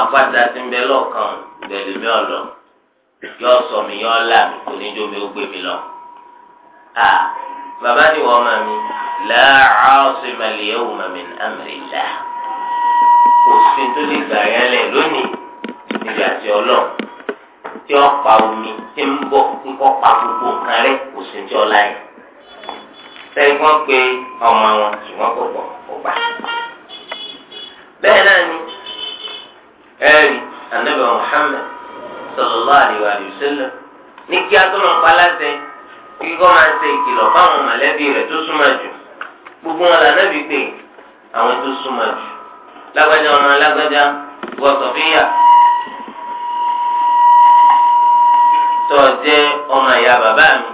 àpáta ti ń bẹ lọ́ọ̀kan mi ọ̀lọ́ yọ sọ mi yọ là mí kò ní jó mi ó gbé mi lọ. bàbá ni wọ́n mi al-yawma min amrillah. òfin tó lè gbà yẹn lẹ̀ lónìí níbi àti tí ó pa omi tí ń pa gbogbo nǹkan rẹ̀ òfin tí ọlá yẹn. sẹ́yìn wọ́n pe ọmọ wọn ṣùgbọ́n ni ẹ̀rí anábẹ́ Muhammad sallallahu alaihi wa sallam ní kí a pa kí kọ́ máa ṣe ìkìlọ̀ fáwọn gbogbo wọn bí pé àwọn tó lágbájá ọ̀nà lágbájá wọ sọ̀fíyà tó o jẹ́ ọmọ ìyá bàbá mi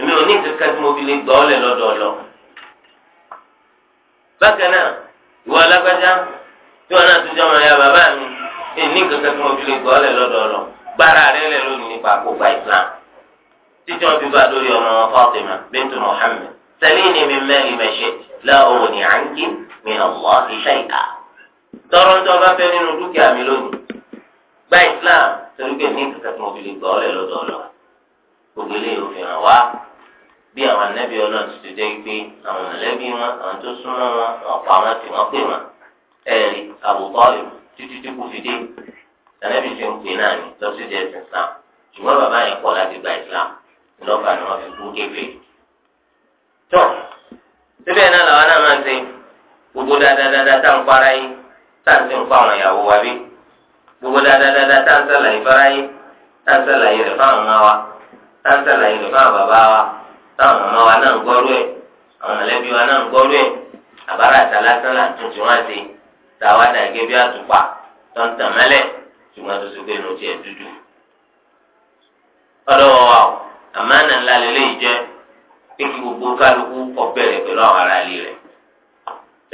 èmi ò ní ìtẹ̀kẹ́ tí mo fi lè gbọ́ lẹ̀ lọ́dọọlọ. bákan náà ìwọ lágbájá tí wọn náà tún jẹ́ ọmọ ìyá bàbá mi èmi ní ìtẹ̀kẹ́ tí mo fi lè gbọ́ lẹ̀ lọ́dọọlọ gbára rẹ lẹ lónìí nípa àkókò islam títí wọn fi bá lórí ọmọ Fatima bintu Muhammad salini min mali ma shi'ti la ughni anki. min Allah shay'an tọrọ tí wọn bá fẹ́ nínú dúkìá mi lónìí gba islam torí pé ní kàkà tí mo fi lè gbọ́ ọ lẹ̀ lọ́dọ̀ ọ̀lọ́ gbogbo eléyìí ò hàn wá bí àwọn anábì ọlọ́run ti jẹ́ pé àwọn mọ̀lẹ́bí wọn àwọn tó súnmọ́ wọn si pa tí wọ́n pè wọn ẹ̀rí àbùkọ́ títí tí kò fi dé anábì ti ń pè náà islam bàbá yẹn láti gba islam lọ́ba ni wọ́n fi kú tó síbẹ̀ náà làwọn náà máa gbogbo dáadáa tá n fara yín tá n sì ń fa àwọn ìyàwó wa bí gbogbo dáadáa tá n sàlàyé fara yín tá n sàlàyé rẹ̀ fáwọn ọmọ wa tá n sàlàyé rẹ̀ fáwọn bàbá wa táwọn ọmọ wa náà ń gbọ́rú ẹ̀ àwọn mọ̀lẹ́bí wa náà ń gbọ́rú ẹ̀ àbára tuntun wá sí dà bí àtùpà tó ń tàn mẹ́lẹ̀ tó pé inú tiẹ̀ dúdú. wa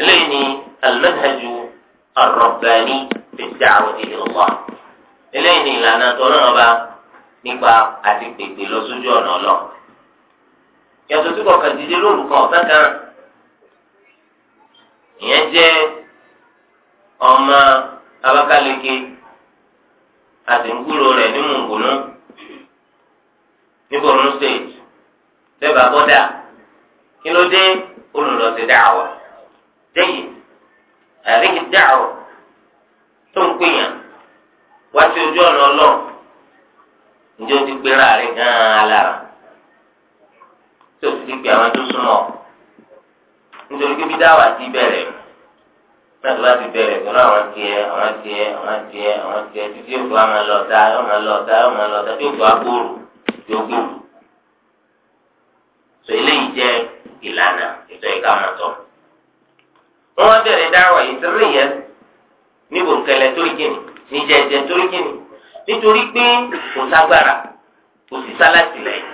eléyìí ni alimẹ́tẹ̀jú arọ̀gbani fèsì àwọn ìdílọ́wà eléyìí ni ìlànà tọ́lọ́mọba nípa àti pèpè lọ sójú ọ̀nà ọlọ́ yàtọ̀ sí kọ̀ọ̀kan dídé lórúkọ ọ̀sán kan ìyẹn jẹ́ ọmọ Abakaliki àti nkúrò rẹ̀ ní mùngùnú ní Borno state lẹ́bàá bọ́dà kí ló dé olùlọ́sẹ̀ dáhàwá. lẹ́yìn àríkì dáàrọ tó ń pèyàn wá sí ojú ọ̀nà ọlọ́run ǹjẹ́ o ti gbéra rẹ̀ gan ti pè àwọn ti àwọn tiẹ̀ àwọn tiẹ̀ àwọn tiẹ̀ àwọn tiẹ̀ títí yóò fi wá máa lọ ọ̀tá yóò máa lọ ọ̀tá yóò máa yóò fi wá gbòòrò yóò gbòòrò. sọ eléyìí jẹ́ ìlànà ètò ìkàmọ̀tọ̀. wọ́n bẹ̀rẹ̀ dáwà yìí sọ̀rọ̀ yẹn ní bòńkẹ́lẹ́ torí kìnnì ní jẹ́jẹ́ torí kìnnì nítorí pé kò ságbára kò sí sálátì lẹ́yìn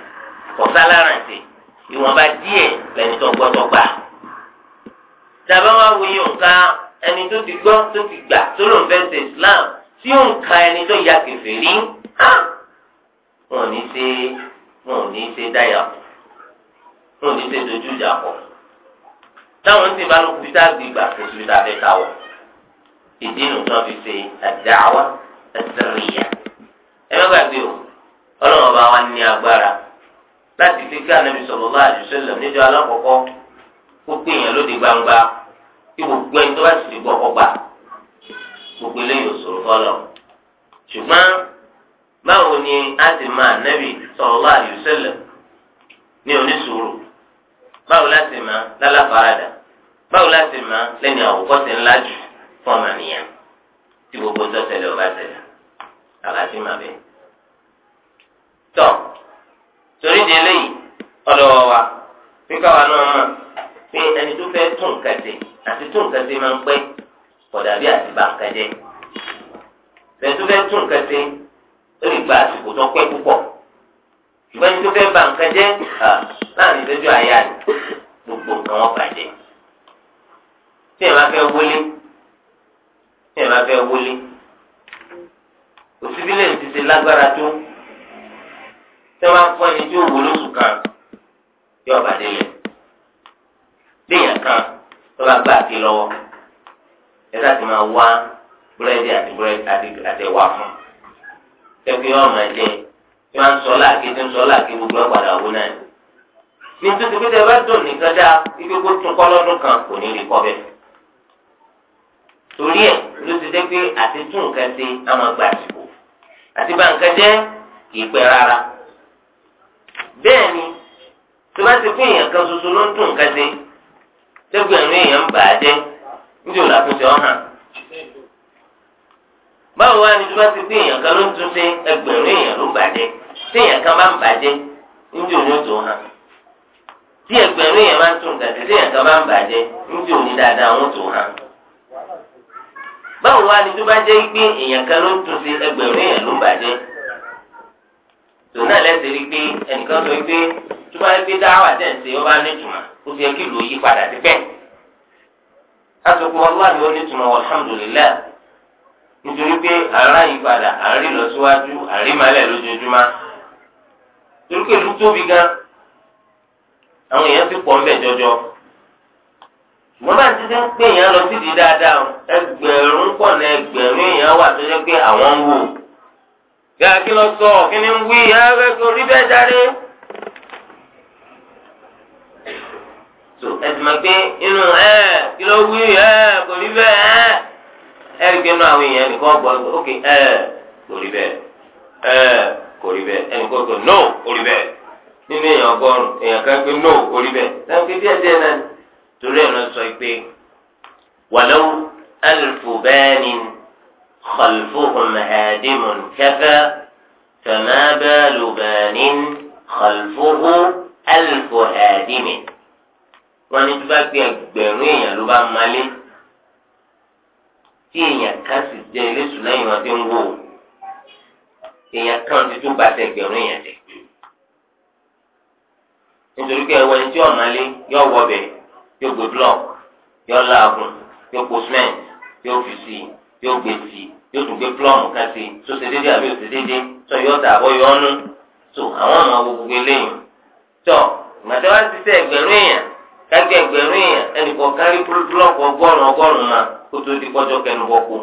kò sáláràǹtì ìwọ̀nba díẹ̀ lẹ́ni tó gbọ́dọ̀ gbà. tàbá wá wuyì òǹkà ẹni tó ti gbọ́ tó ti gbà tó ló ń fẹ́ ṣe Islam tí òǹkà ẹni tó ya kẹfẹ́ rí wọn ò ní ṣe wọn ò ní ṣe dáyà wọn ò ní ṣe dojú ìjà pọ̀. táwọn sì bá lóko bíi táàgbé ìgbà kò síbi tá a fẹ́ táwọ̀ ìdí nu fi ṣe o ọlọ́run ọba wa ní agbára láti fi ká anabi sallallahu alaihi wasallam níjọ́ alákọ̀ọ́kọ́ kó pé èèyàn lóde gbangba kí gbogbo ẹni tó bá sì gbọ́ ọkọ̀ gbogbo eléyìí ò sòrò ṣùgbọ́n báwo ni a ti máa báwo la ti máa lẹ́ni àwòkọ́ ti ńlá jù fún ọmọnìyàn tí gbogbo ń tọ́sẹ̀lẹ̀ ọba ṣẹlẹ̀ àlàáfíà máa bẹ̀. tọ́ torí di eléyìí ọlọ́wọ́ wa bí káwa náà mọ̀ pé ẹni tó fẹ́ tún nǹkan ṣe àti tún nǹkan ṣe máa ń pẹ́ kódà bí àti bá nǹkan jẹ́. ẹni tó fẹ́ tún nǹkan ṣe ó lè gba àsìkò tó pẹ́ púpọ̀ ṣùgbọ́n ẹni tó fẹ́ bà nǹkan jẹ́ láàrin ìṣẹ́jú àyà gbogbo nǹkan wọn bàjẹ́ tí ẹ̀ máa fẹ́ wọlé tí ẹ̀ máa fẹ́ wọlé òsibílẹ̀ ti ṣe lágbára tó tí wọ́n á fún ẹni tí ó wò lóṣù kan yọ ọ̀bà délẹ̀ léèyàn kan tó bá gbà sí lọ́wọ́ ẹ láti máa wá búrẹ́dì àti búrẹ́dì àti àtẹ̀wá fún tẹ́kun yọ ọ̀mà jẹ tí wọ́n á sọ láàkí tí ń sọ láàkí gbogbo ọ̀padà owó náà ní tuntun pé tẹ́ bá dùn nìkan dá ikú kó tún kọ́ lọ́dún kan kò ní rí kọ́ bẹ́ẹ̀. torí ẹ̀ ló ti jẹ́ pé àti tún nǹkan ṣe àsìkò àti bá nǹkan kì í ni tó bá ti fún èèyàn kan ṣoṣo ló ń tún nǹkan ṣe tẹ́gbẹ̀rún èèyàn ń bà á jẹ́ níbi òlàkùnṣe ọ̀hàn báwo wá ni tó bá ti fún èèyàn kan ló ń tún ṣe ẹgbẹ̀rún èèyàn ló bàjẹ́ tí èèyàn kan bá ń níbi òní báwo wá ni tó bá jẹ́ pé èèyàn kan ló tún sí ẹgbẹ̀rún èèyàn ló ń bàjẹ́ náà lẹ́sẹ̀ rí pé ẹnìkan sọ pé tó bá rí pé dáhàwá ọba nítumọ̀ ó fi ẹkí yí padà ti pẹ́ asopọ̀ ọlọ́wà ni ó nítumọ̀ alhamdulillah nítorí pé yí padà àárín lójoojúmọ́ torí pé ìlú tóbi gan jọjọ. mọ́bà ti ṣe ń pè yẹn lọ sídìí dáadáa ẹgbẹ̀rún pọ̀nà ẹgbẹ̀rún èèyàn wà tó jẹ́ pé àwọn ń wò. Gà kí lọ sọ kí ni ń wí ẹ fẹ́ kí orí bẹ́ẹ̀ jáde. Tò ẹ ti mọ̀ pé inú ẹ kí ló wí ẹ kò rí bẹ́ẹ̀ ẹ. rí àwọn èèyàn nìkan gbọ́ ẹ kò rí bẹ́ẹ̀ ẹ no kò rí bẹ́ẹ̀. Nínú èèyàn ọgọ́rùn-ún èèyàn kan pé no kò rí bẹ́ẹ̀. torí ẹ̀rọ sọ pé wàlẹ́wò ẹ̀lùfù bẹ́ẹ̀ ni kọ̀lùfùhùn ẹ̀ẹ́dìmùn kẹfẹ́ fẹ̀mẹ́ bẹ́ẹ̀ lù bẹ́ẹ̀ ni kọ̀lùfùhùn ẹ̀lùfù ẹ̀ẹ́dìmùn. wọ́n ní tó bá gbé ẹgbẹ̀rún èèyàn ló bá malé tí èèyàn kan sì jẹ eléṣù lẹ́yìn wọn ń wò èèyàn kan ti tún gbàtẹ ẹgbẹ̀rún èèyàn jẹ nítorí pé ẹwọ tí ọ̀nà lé yọ wọ bẹ̀rẹ̀ yóò gbé block yóò laagun yóò po cement yóò fi si yóò gbé si yóò tún gbé plum kan si tó ṣe déédéé àbí òṣè déédéé tó yóò dà àbọ̀ yóò nú tó àwọn ọmọ gbogbo eléyìí tó ìgbàdá wa ti sẹ ẹgbẹ̀rún èèyàn kájú ẹgbẹ̀rún èèyàn ẹnìkan kárí block ọgọ́rùn ọgọ́rùn ma kó tó di kọjọ kẹnu bọkú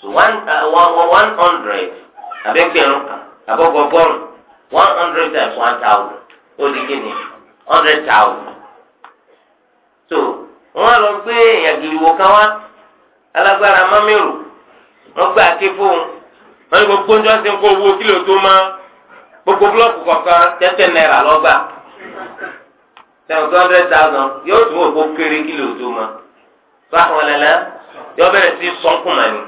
so uh, one one hundred àbẹgbẹ̀rún kan àbọgọgọrùn one hundred times one thousand ó di kí ni hundred thousand so wọ́n lọ gbé èèyàn gìrìwò kan wá alágbára mọ́mìrù wọ́n gbé àké fóun wọ́n ní gbogbo ńjọ́ sí nǹkan owó kílò tó máa gbogbo búlọ́ọ̀kù kọ̀ọ̀kan tẹ́tẹ́ náírà lọ́gbà seven hundred thousand yóò tún òkú kéré kílò tó máa fáwọn lẹ́lẹ́ yóò bẹ̀rẹ̀ sí sọ́kùnmá ni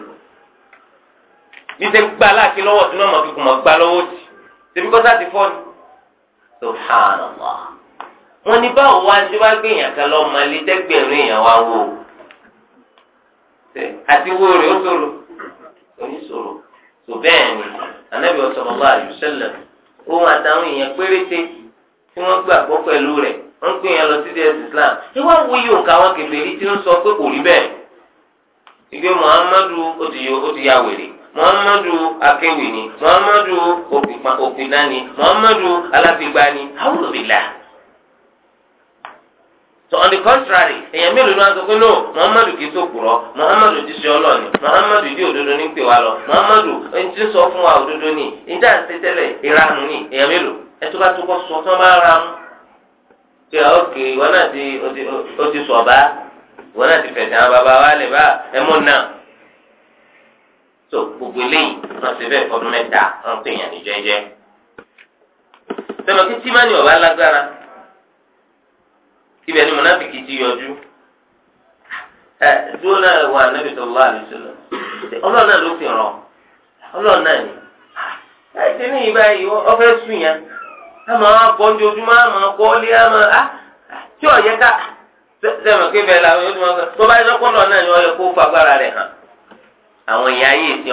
níṣẹ́ gbá aláàkí lọ́wọ́ tí wọ́n mọ̀ fi kùmọ̀ gbá lọ́wọ́ sí ṣèbí kọ́sá ti fọ́ ni wọn ní báwo wá sí wá gbé èèyàn kan lọ mọ ilé tẹgbẹrún èèyàn wá wò ó àti wo rè ó sòrò oníṣòro tó bẹ́ẹ̀ ni anábì sallallahu alaihi wasallam ohun àtàwọn èèyàn péréte tí wọ́n gbàgbọ́ pẹ̀lú rẹ̀ wọ́n gbé yẹn lọ sí dé Islam ẹ wá wo iye òǹkà àwọn kèfèrí tí ó sọ pé kò rí bẹ́ẹ̀ ìgbé Muhammadu ó ti ya wèrè Muhammadu akéwì ni Muhammadu òpìdá ni Muhammadu aláfigbá ni hawlubila. so on the contrary èèyàn mélòó ni wọn sọ pé no muhammadu kì í tó muhammadu ti ṣe ọlọ́ọ̀ni muhammadu ní òdodo ní pè wá lọ muhammadu ẹni tí sọ fún wa òdodo ní ìjà ń ṣe tẹ́lẹ̀ ìranù ní èèyàn mélòó ẹ tó bá tó sọ tó bá ra mú. ṣé òkè ìwọ náà ti o ti sọ bá ìwọ náà ti fẹ̀sẹ̀ àwọn bàbá wa lè bá ẹ mú náà. so gbogbo eléyìí wọn ti ibẹ̀ ni mọ̀nàfíkì ti yọjú ẹ dúró náà wà níbi tó lọ́wọ́ àlùsọ̀lọ́ ọlọ́run náà ló fi ràn ọlọ́run náà ni ẹ ti ní yìí ọfẹ́ sùn yẹn a máa ojoojúmọ́ a máa kọ́ a máa a ah, tí ò yẹ ká sẹ́mi bẹ́ẹ̀ la tó bá náà ni wọ́n yẹ kó rẹ̀ hàn àwọn ìyá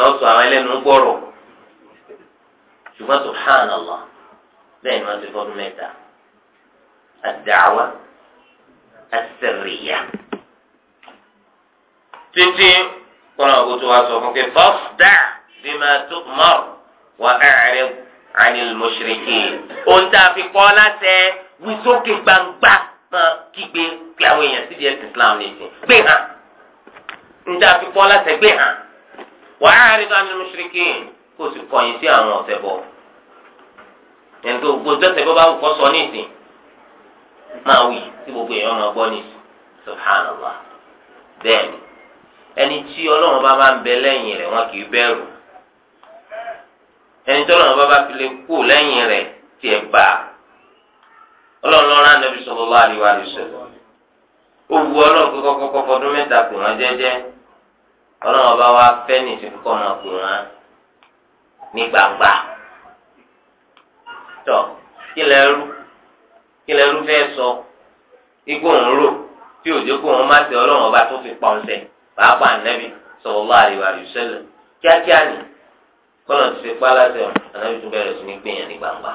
àwọn ẹlẹ́nu gbọ́rọ̀ ṣùgbọ́n bẹ́ẹ̀ ni wọ́n ti asẹ̀rìyà títí kọ́nà àgùntàn wa sọ fún kí fọ́fdà bí máa tó mọ́ wà ẹ̀rẹ́ anil mushrikin ohun tá a fi kọ́ láṣẹ wíṣókè gbangba máa kígbe pé àwọn èèyàn síbi ẹ̀sìn Islam nìyẹn gbé hàn ohun tá a fi kọ́ láṣẹ gbé hàn wà ẹ̀rẹ́ anil mushrikin kó o sì kọ̀yìn sí àwọn ọ̀sẹ̀ bọ̀ ẹni tó gbogbo ọjọ́ sẹ́gbọ́ bá wù kọ́ sọ ní máa wí tí gbogbo èèyàn máa gbọ́ ní subhanallah bẹ́ẹ̀ ẹni tí ọlọ́run bá bá ń bẹ lẹ́yìn rẹ̀ wọn kì í bẹ̀rù ẹni tí ọlọ́run bá bá fi lè kú lẹ́yìn rẹ̀ bá ọlọ́run lọ́ra nàbí ó wa fẹ́ ní ìsìnkú kọ́ máa pè wọ́n ní kílẹ̀ ló fẹ́ sọ igbó òun rò tí òjò kó òun má tẹ ọlọ́run ọba tó fi pa òun tẹ pàápàá ànábì sallallahu alaihi wasallam kíákíá ni kọ́nà ti fi pa aláṣẹ ọ̀hún ànábì tún bẹ̀rẹ̀ sí ní gbìyànjú ní gbangba.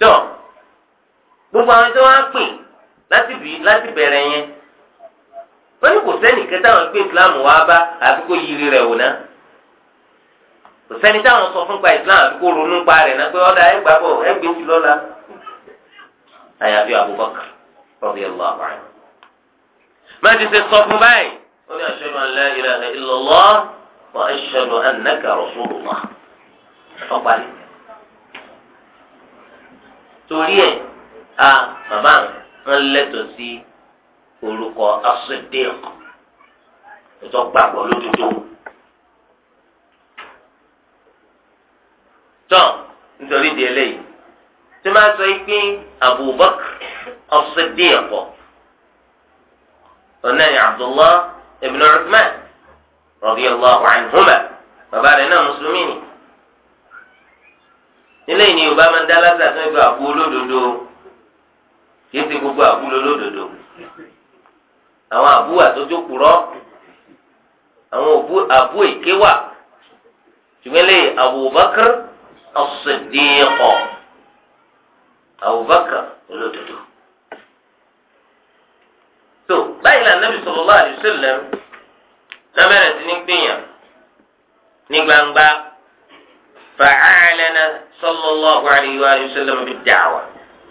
tó gbogbo àwọn tí wọ́n á pè láti bẹ̀rẹ̀ yẹn wọ́n ní kò sẹ́nìkẹ́ táwọn gbé ìsìlámù wá bá àbíkó yiri rẹ̀ wò náà. kò sẹ́ni táwọn sọ fún pa islam kó ronú pa rẹ̀ náà pé ọ̀dà ẹ̀ gbàgbọ́ ẹ̀ gbé oṣù lọ́la àyàfi Abubakar radiyallahu anhu. mẹ́tì ṣe sọ fún báyìí ó ní ashhadu an la ilaha illallah wa ashhadu annaka rasulullah ọ̀parí. torí ẹ̀ a màmá ń lẹ́tọ̀ọ́ sí orúkọ as-Siddiq tán nítorí di eléyìí tí máa sọ ìpín Abubakar as-Siddiq ọ̀nà Abdullah ibn Uthman radiyallahu anhuma bàbá rẹ̀ náà mùsùlùmí ni nílẹ̀ yìí ni yorùbá máa ń dá lásà tó ń gba àpò olódodo kì í ti gbogbo àpò olódodo àwọn àbú àtọ́jú kùrọ́ àwọn àbú èké wà ṣùgbọ́n lè Abubakar as-siddiq abubakar olódodo. tó báyìí lànà bí sallallahu alaihi wasallam lábẹ́rẹ̀ sí ní gbìyàn ní gbangba fa'alana sallallahu alaihi wasallam bid da'wa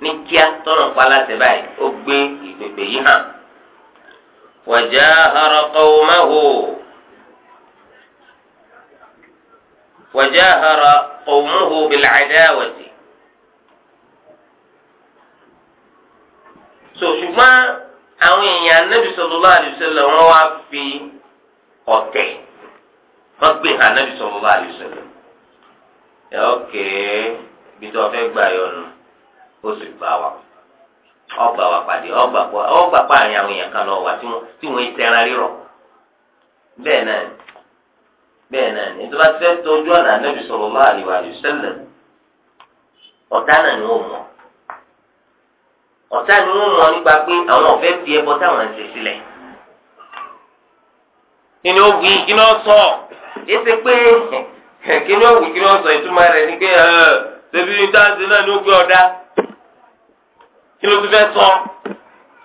ní kíá tọrọ nkpala tẹ báyìí ó gbé ìpèpè yìí hàn. wa jahara qawmahu. وجاهر قومه بالعداوة so ṣùgbọ́n àwọn èèyàn anabi sallallahu alaihi wọn wá fi ọ̀tẹ̀ wọn gbé hàn anabi sallallahu alaihi wasallam ẹ ibi tí wọn fẹẹ gbà yọ nù ó sì wa ọgbà wa pàdé ọgbà ti bẹ́ẹ̀ bẹ́ẹ̀ náà ní tó fẹ́ tọ́jú ọ̀nà ọ̀tá náà ni wọ́n mọ̀ ọ̀tá ni wọ́n mọ̀ nípa pé àwọn ọ̀fẹ́ fi ẹbọ táwọn sílẹ̀ kí ni ó wí kí ni ó sọ yé ṣe pé kí ni ó kí ni ó sọ ìtumọ̀ rẹ̀ ni pé ṣebí ní dáńsì náà ni ó gbé ọ̀dá kí ló ti fẹ́ sọ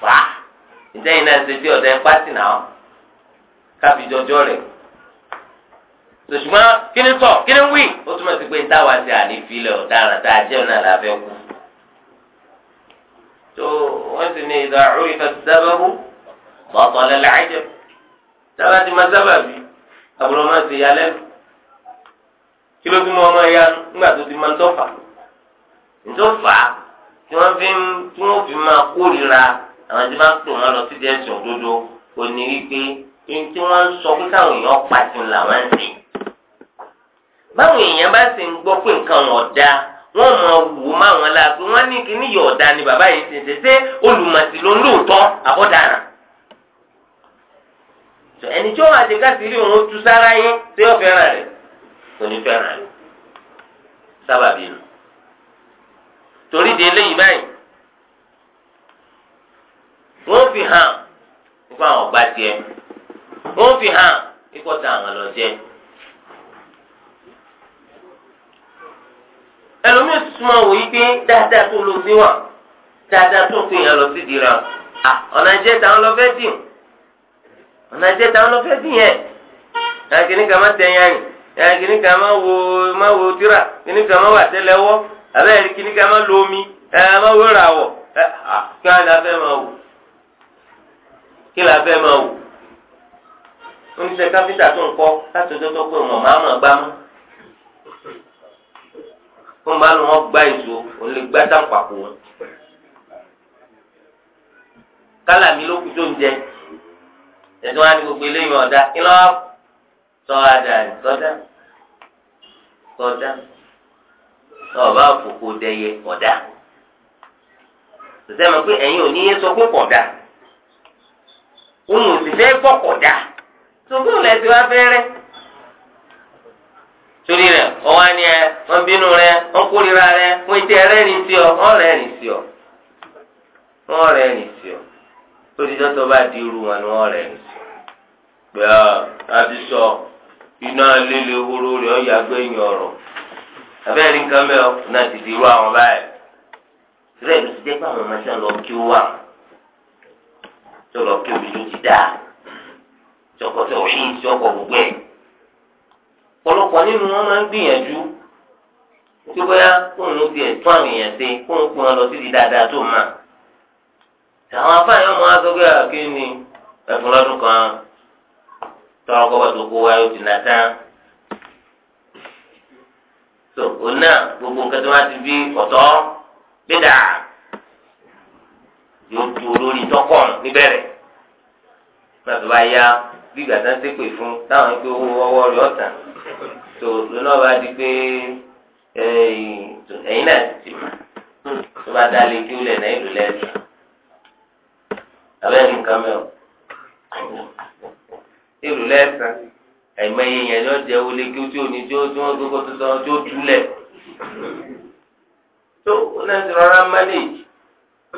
fà ṣe bí sòṣùgbọ́n kí ni sọ kí ni wí ó túmọ̀ sí pé táwa ti àní filẹ̀ ọ̀daràn tá a jẹ́ ọ̀nà làbẹ́ kú. tó wọ́n sì ní ìdá orí ìfẹsẹ̀sábẹ́rú bọ̀tọ̀ lẹ́lẹ́ àìjẹ́ táwa ti máa sábà bí àbúrò máa ti yá lẹ́nu kí ló fi mọ ọmọ ya nígbà tó ti máa ń tọ́fà ntọ́fà tí wọ́n fi ń tí wọ́n fi máa kórìíra àwọn tí wọ́n tó wọn lọ sí ẹ̀sìn òdodo òní wípé ní tí wọ́n sọ pé káwọn èèyàn pàṣẹ làwọn ń sìn báwọn èèyàn bá sì ń gbọ́ pé nǹkan wọn wọ́n mọ máwọn la pé wọ́n ní kíní ni bàbá yìí ti baba olùmọ̀sí ló ń lóòótọ́ àbọ̀dàrà. ẹni tí ó wà ṣèkà sí òun tú sára yín tí ó fẹ́ràn rẹ̀ kò ní fẹ́ràn rẹ̀ sábàbí nù. torí di eléyìí báyìí wọ́n fi hàn nípa àwọn wọ́n fi hàn àwọn lọ ẹlòmíì tuntun máa wò yí pé dáadáa tó lọ sí dáadáa tó fi hàn lọ sí ìdíra ọ ọ̀nà ìjẹ́ táwọn lọ fẹ́ dì ọ̀nà ìjẹ́ táwọn lọ fẹ́ dì yẹn ẹ̀ kìíní kan tẹ̀yìn àyìn ẹ̀ wo wo omi ẹ̀ ra wọ̀ ẹ̀ kí wọ́n fẹ́ máa wò kí fẹ́ máa wò oníṣẹ́ káfíńtà tó ń kọ́ tó wọn bá lọ wọn gba èso òun lè gbá sàǹpàpọ̀ wọn. kálà mi ló kú tó ń jẹ ẹ̀sìn wa ni gbogbo eléyìí ọ̀dà kí lọ́wọ́ sọ àdà sọdá sọdá ọba òkòkò dẹyẹ ọ̀dà sọsẹ́ mi pé ẹ̀yin ò ní yé sọ pé kọ̀dà òun ò sì fẹ́ gbọ́ kọ̀dà sọgbọ́n lẹ́sìn wa fẹ́ rẹ́. torí rẹ̀ wá ni ẹ wọ́n bínú rẹ̀ wọ́n kórìíra rẹ̀ ti sí ọ wọ́n rẹ́rìn sí ọ wọ́n rẹ́rìn sí ọ lórí dọ́tọ̀ bá di irú wọn ni wọ́n rẹ́rìn sí ọ. pé ọ àti sọ iná líle horo rẹ̀ ọ yàgbẹ́ yín abẹ́rẹ́ nǹkan mẹ́ náà ti di irú lọ kí ó wà tó lọ kí ló ti dáa ọkọ̀ gbogbo ọ̀pọ̀lọpọ̀ nínú wọn máa ń gbìyànjú tí bóyá kóun ti ẹ̀tún àwọn èèyàn ṣe kóun kó wọn lọ síbi dáadáa tó máa àwọn afáàyàn ọmọ asọ́gbé àkínní ẹ̀fọn lọ́dún kan tọrọ kọ́bọ̀ tó kó wáyé ó ti tán so òun náà gbogbo nǹkan tó wá ti bí ọ̀tọ́ gbéra yóò du olórí tọkàn níbẹ̀rẹ̀ nígbà tó bá yá bí ìgbà tán ṣépè fún táwọn ẹgbẹ́ owó ọwọ́ rẹ̀ ọ̀tàn tó lọ́nà bá di pé ẹ̀yin náà ti ti mà tó bá dá lé kílẹ̀ náà ìlú lẹ́sà abẹ́rẹ́ nǹkan mẹ́wọ̀ ìlú lẹ́sà ẹ̀mọ yẹn yẹn ni ó jẹ́ wọlé kí ó tí ò ní tí ó tí wọ́n gbogbo tó sọ tí ó túlẹ̀ tó ó náà ti rọra manage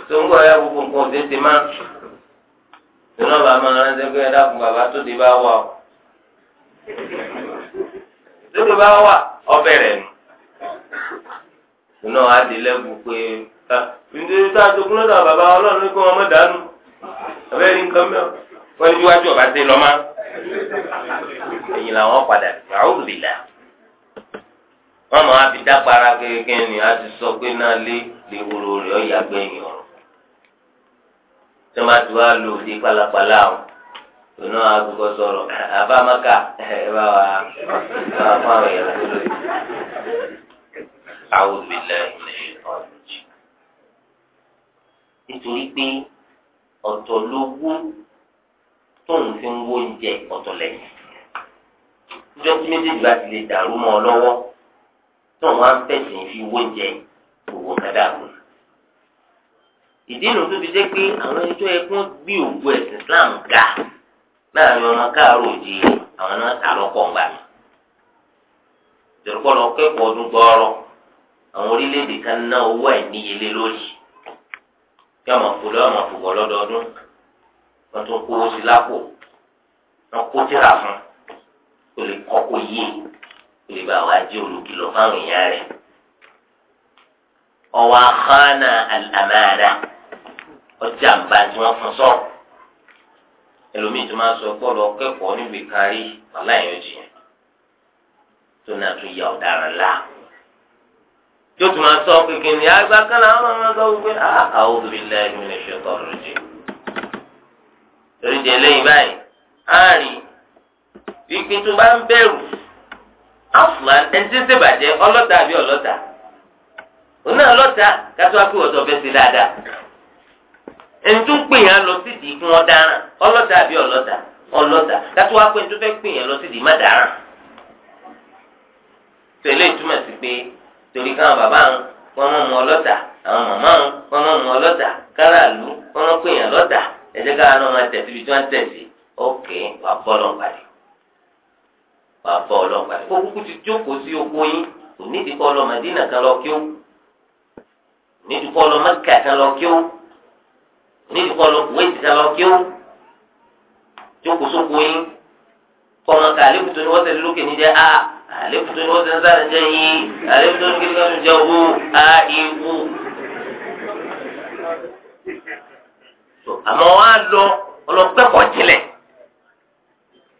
tó ń gbọ́ ya gbogbo nǹkan òde ti máa tó náà bá máa rántí pé ẹ dákun bàbá tó di bá wà ó. lóde bá wà ọbẹ̀ rẹ̀ nù. Iná adìlẹ́gùn pé ǹjẹ́ tá a jogún lọ́dọ̀ bàbá ọlọ́run ní kí mọ̀ dànù. Abẹ́rẹ́ nǹkan mẹ́wàá. Wọ́n ní wájú ọba làwọn padà Wọ́n máa fi dápara kékeré ni a ti sọ pé náà lé rẹ̀ ọ̀yà iná agogo sọ̀rọ̀ abamaka ẹ bá wa bá wa fún àwọn èèyàn kúrò yìí. àwọn obìnrin ní ọ̀rọ̀ jù nítorí pé ọ̀tọ̀ lówó tóun fi ń wó oúnjẹ ọ̀tọ̀ lẹ́yìn ìjọ tí méjèèjì bá ti lè dàrú mọ́ ọ lọ́wọ́ tóun wá ń fẹ̀sìn fi wó oúnjẹ gbogbo kádà mú ìdí nu tó fi jẹ́ pé àwọn ẹni tó yẹ kó gbé òògùn ẹ̀sìn Islam ga láàrin ọmọ káàró òjì àwọn náà ta lọ́pọ̀ ńgbà mi. ìjọ̀rọ̀pọ̀ lọ kẹ́kọ̀ọ́ ọdún gbọ́ọ́rọ́ àwọn orílẹ̀-èdè kan ná owó ẹ̀ níyelé lórí kí ọmọ kò lọ́ ọmọ fògbọ́ lọ́dọọdún wọ́n tún kó sí lápò wọ́n kó tíra fún kó lè kọ́kọ́ yé kó lè bá wa jẹ́ olùkìlọ̀ fáwọn èèyàn rẹ̀. ọwọ́ àkànnà àmàlà ọjà àǹbá tí wọ́n fún sọ́ọ̀ ẹlòmíì tó máa ń sọ pọ́lọ kẹ́kọ̀ọ́ níbi kárí aláìyànjú yẹn tó náà tún ya ọ̀daràn lá yóò tún máa sọ kékeré ní àgbà kan náà wọn máa wípé àwọn obìnrin lẹ́yìn mi lè ṣe tọ́ ọ̀rọ̀ jẹ torí di báyìí àárín wípé tó bá ń bẹ̀rù afúlàn ẹni tí ń ṣèbàjẹ́ ọlọ́ta àbí ọlọ́ta òun náà kátó wá pé wọ́n ẹnitó ń pè yàn lọ sí di kí wọ́n dáràn ọlọ́dà àbí ọlọ́dà ọlọ́dà kátó wá pé ẹnitó fẹ́ pè yàn lọ sí má dáràn. tẹ̀lé ìtumọ̀ sí pé torí káwọn bàbá ń wọ́n mọ̀ mọ́ ọlọ́dà àwọn màmá ń wọ́n mọ̀ mọ́ ọlọ́dà ibi tí wọ́n tẹ̀sí wà wà kí ó kọ́ ọlọ́mọdé kí ó. onídìí kọ́ ló wé ìtìta lọ kí ó jókòó sóko yín kọ́ ká àlékún tó wọ́n tẹ̀lé lókè níjẹ́ a àlékún tó ní wọ́n tẹ̀lé sáré ah, jẹ́ yín àlékún tó ní kí ló jẹ́ owó a ìwú. àmọ́ wọ́n á lọ ọlọ́gbẹ́kọ̀ọ́ tilẹ̀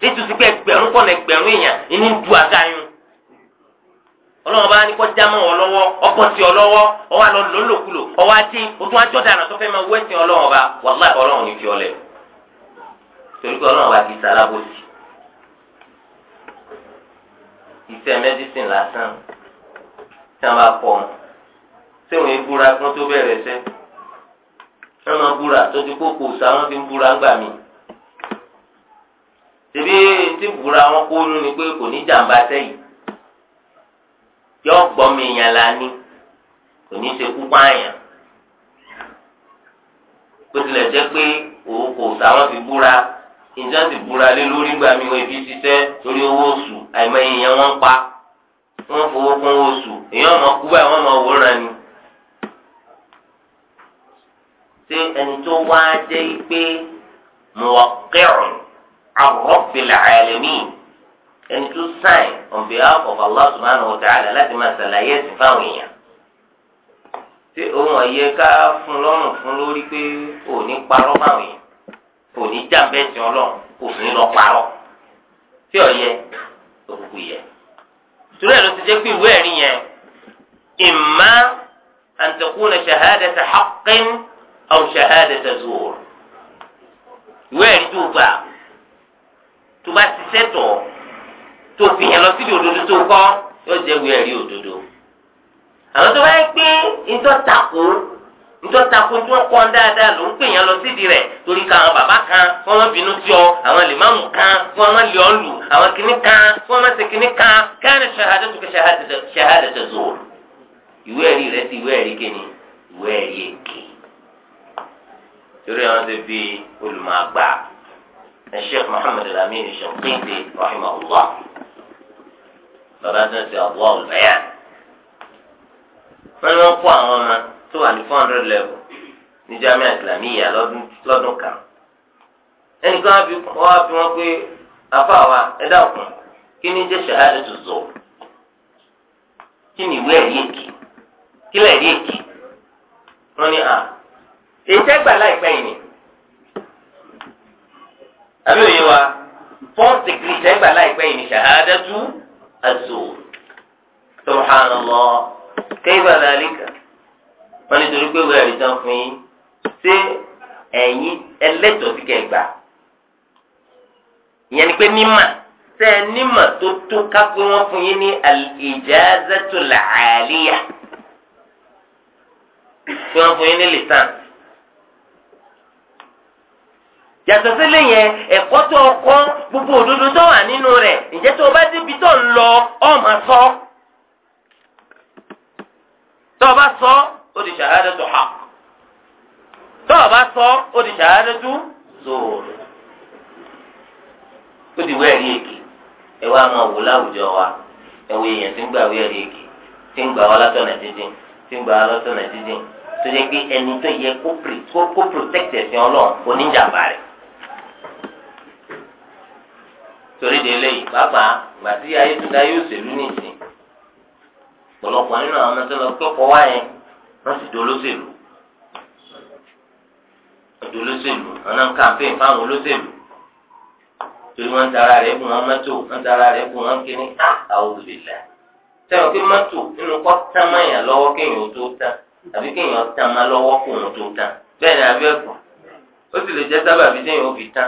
títúsí pé ẹgbẹ̀rún kọ́nà ẹgbẹ̀rún èèyàn ìní du àgáyún ọlọ́wọ́n bá ní kọ́ jámọ́ ọ lọ́wọ́ ọkọ̀ tí ọ lọ́wọ́ ọwọ́ àlọ́ lọ́lọ́kulò ọwọ́ àti oṣù àjọdànà tó fẹ́ máa wú ẹ̀sìn ọlọ́wọ́n bá wàhálà ọlọ́wọ́n ní fi ọlẹ̀ torí pé ọlọ́wọ́n bá ti sálábòsì iṣẹ́ mẹ́dísìn lásán tí wọ́n bá pọ̀ ọ́n tí wọ́n ń búra kí wọ́n tó bẹ̀rẹ̀ ṣẹ́ wọ́n máa búra tójú kókò sá wọ́n fi ń búra ńgbà mí tèmi tí búra wọn kó yọ gbọmọ èèyàn la ní kò ní í ṣe kú pààyàn bó tilẹ̀ jẹ́ pé òun kò sáwọn fi búra ìjọ ti búra lé lórí gbà mí wọn ibi ṣiṣẹ́ lórí owó oṣù àìmọye èèyàn wọn pa wọn fowó kún owó oṣù èèyàn ọmọ kú báyìí wọn ọmọ wòran ni. ṣé ẹni tó wá jẹ́ pé muwakẹ́rùn-ún ar-rabbil ẹni tó sáìn on behalf of Allah subhanahu wa ta'ala láti máa ṣàlàyé ẹ̀sìn fáwọn èèyàn tí ohun ọ̀yẹ ká fún lọ́rùn fún lórí pé ò ní parọ́ fáwọn èèyàn ò ní jàǹbẹ́sì ọlọ́run kò sì ní lọ parọ́ tí ọ̀yẹ òkùnkù yẹ. Sùrẹ́ ló ti jẹ́ pé ìwé ẹ̀rí yẹn imma an takuna shahadata haqqin aw shahadata Ìwé ẹ̀rí tó gbà tó bá ti sẹ́tọ̀ọ́. tó fi yẹn lọ síbi òdodo tó kọ́ yóò jẹ́ ìwé ẹ̀rí òdodo. àwọn tó bá yẹ pé ntọ́ tako ntọ́ tako tí kọ́ dáadáa ló ń pè yẹn lọ síbi rẹ̀ torí ka àwọn bàbá kan fún wọn bínú sí àwọn lèmọ́mù kan fún wọn lè ọ́ lù àwọn kìnnì kan fún wọn ṣe kìnnì kan ka ìwé ẹ̀rí ti ìwé ẹ̀rí kéne ìwé ẹ̀rí èké torí àwọn ti fi olùmọ̀ àgbà lọ́dọ̀ tó ń ṣe ọ̀bọ̀ ọ̀lẹ́yà. wọ́n ní wọ́n kó àwọn ọmọ tó wà ní four hundred level ní jamia islamiyya lọ́dún kan. ẹnìkan wá fi wọ́n pé afa wa ẹ dákun kí ni jẹ́ ṣahadu tó zọ kí ni ìwé ẹ̀rí èkì kí lẹ̀rí èkì wọ́n ní à èyí tẹ́ láìpẹ́ yìí ni àbí òye wa first degree tẹ́ láìpẹ́ yìí ni ṣahadatu. الزور سبحان الله كيف ذلك wọ́n nítorí pé wíwá ẹ̀rí tán fún yín ṣé ẹ̀yin ẹlẹ́tọ̀ọ́ sí kẹgbà ìyẹn ni pé nímà ṣé ẹ nímà tó tó ká pé wọ́n fún yín ní al-ijazatul 'aliyah tí fún yín ní lìsánsì yàtọ̀ sílẹ̀ yẹn ẹ̀kọ́ tó gbogbo òdodo tó wà nínú rẹ̀ ǹjẹ́ tó o bá débi tó ń lọ ọ́ máa sọ tó o bá sọ ó di shahadatu tó o bá sọ ó di shahadatu zoor ó di wẹ́ẹ̀rí èké ẹ wá máa wò láwùjọ wa ẹ wo èèyàn tí ń gbà wẹ́ẹ̀rí èké tí ń gbà dídín tó yẹ ẹni tó yẹ torí de eléyìí pàápàá ìgbà tí ayé tó dá yóò ṣèlú nìsín pọ̀lọpọ̀ nínú àwọn ọmọ tó lọ wá yẹn wọ́n sì do olóṣèlú do olóṣèlú wọ́n náà ń kàmpéyìn fáwọn olóṣèlú torí ń tara rẹ̀ wọn ń tara rẹ̀ wọn àwọn sẹ́wọ̀n mọ́tò nínú kọ́ tán lọ́wọ́ kéèyàn tó tán àbí kéèyàn tán lọ́wọ́ kóun tó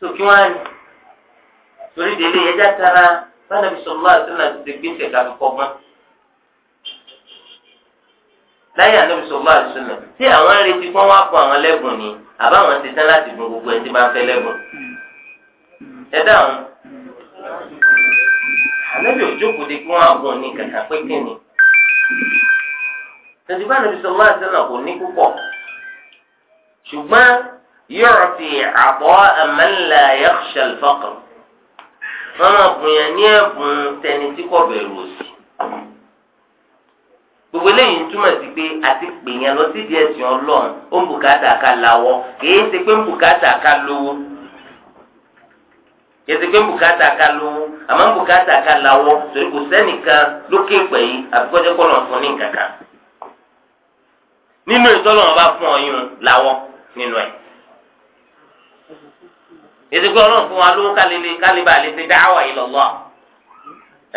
sókè wá ní torí délé ẹjá tara bánàbí sọlá àtúnlá ti ti gbèsè kàfi kọgbọn láyé ànábì sọlá àtúnlá tí àwọn arìnrìn tí wọn wá fún àwọn lẹ́bùn ni àbáwọn ti tán láti dùn gbogbo ẹni tí máa ń fẹ́ lẹ́bùn ẹ dáhùn ànábì òjókòó de kí wọn á gùn ní kàkà pé kíni tẹ̀síbá ànábì sọlá àtúnlá kò ní púpọ̀ ṣùgbọ́n yu'ti 'ata'a man la yakhsha al-faqr wọn máa bùn yẹn ní ẹ̀bùn tẹni tí kò bẹ̀rù òṣì gbogbo eléyìí ń túmọ̀ sí pé àti pè yẹn lọ sí díẹ̀ sí ọlọ́run ó ń bùkátà ká lawọ́ kìí ṣe pé ń bùkátà ká lówó kìí ṣe pé ń bùkátà ká lówó àmọ́ ń bùkátà ká lawọ́ torí kò sẹ́nìkan lókè pẹ̀ yìí àbíkọ́jẹ́ kọ́ nínú ìtọ́lọ́wọ́n bá fún ọyún lawọ́ nínú ẹ̀ yẹtùkú ọlọ́run fún wa lówó kálílé kálíbà lè ṣe dáwà ìlọ́lá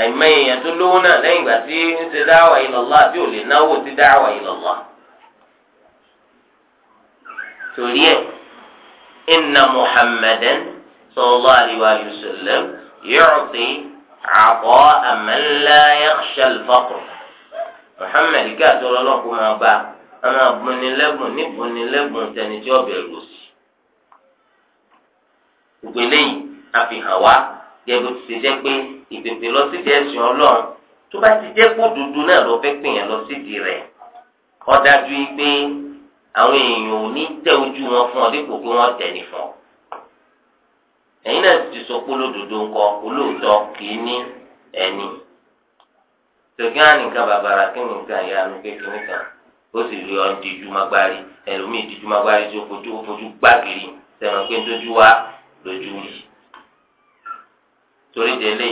ẹ̀mẹ́ èèyàn tó lówó náà lẹ́yìn ìgbà tí ń ṣe dáwà ìlọ́lá tí ò lè náwó sí dáwà ìlọ́lá. torí ẹ̀ inna muhammadan sallallahu alayhi wa sallam yu'ti ata'a man la yakhsha al-faqr muhammed ká àtọ́lọ́lọ́kùnrin ọba ọmọ abúnilẹ́gùn níbùnilẹ́gùn tẹni tí ó sí gbogbo eléyìí àfihàn wa gẹ́gẹ́ bó ti ṣe jẹ́ pé ìpèpè lọ sí ìdí ẹ̀sìn ọlọ́run tó bá ti jẹ́ kó dúdú náà lọ fẹ́ pè yẹn lọ sí ìdí rẹ̀ ó dájú yìí pé àwọn èèyàn ò ní tẹ ojú wọn fún ọ dípò pé wọ́n tẹ̀ ní fún ọ. ẹ̀yin náà ti sọ pé olódodo ńkọ olóòótọ́ kì í ní ẹni. tòkín ànìkan bàbàrà kí nìkan ìyá mi kékeré kan ó sì rí ọ díjú magbárí ẹlòmíì díjú magbárí tí ó fojú gbàgìrì sẹ̀rọ̀ pé ń tójú wá lójú yìí torí délé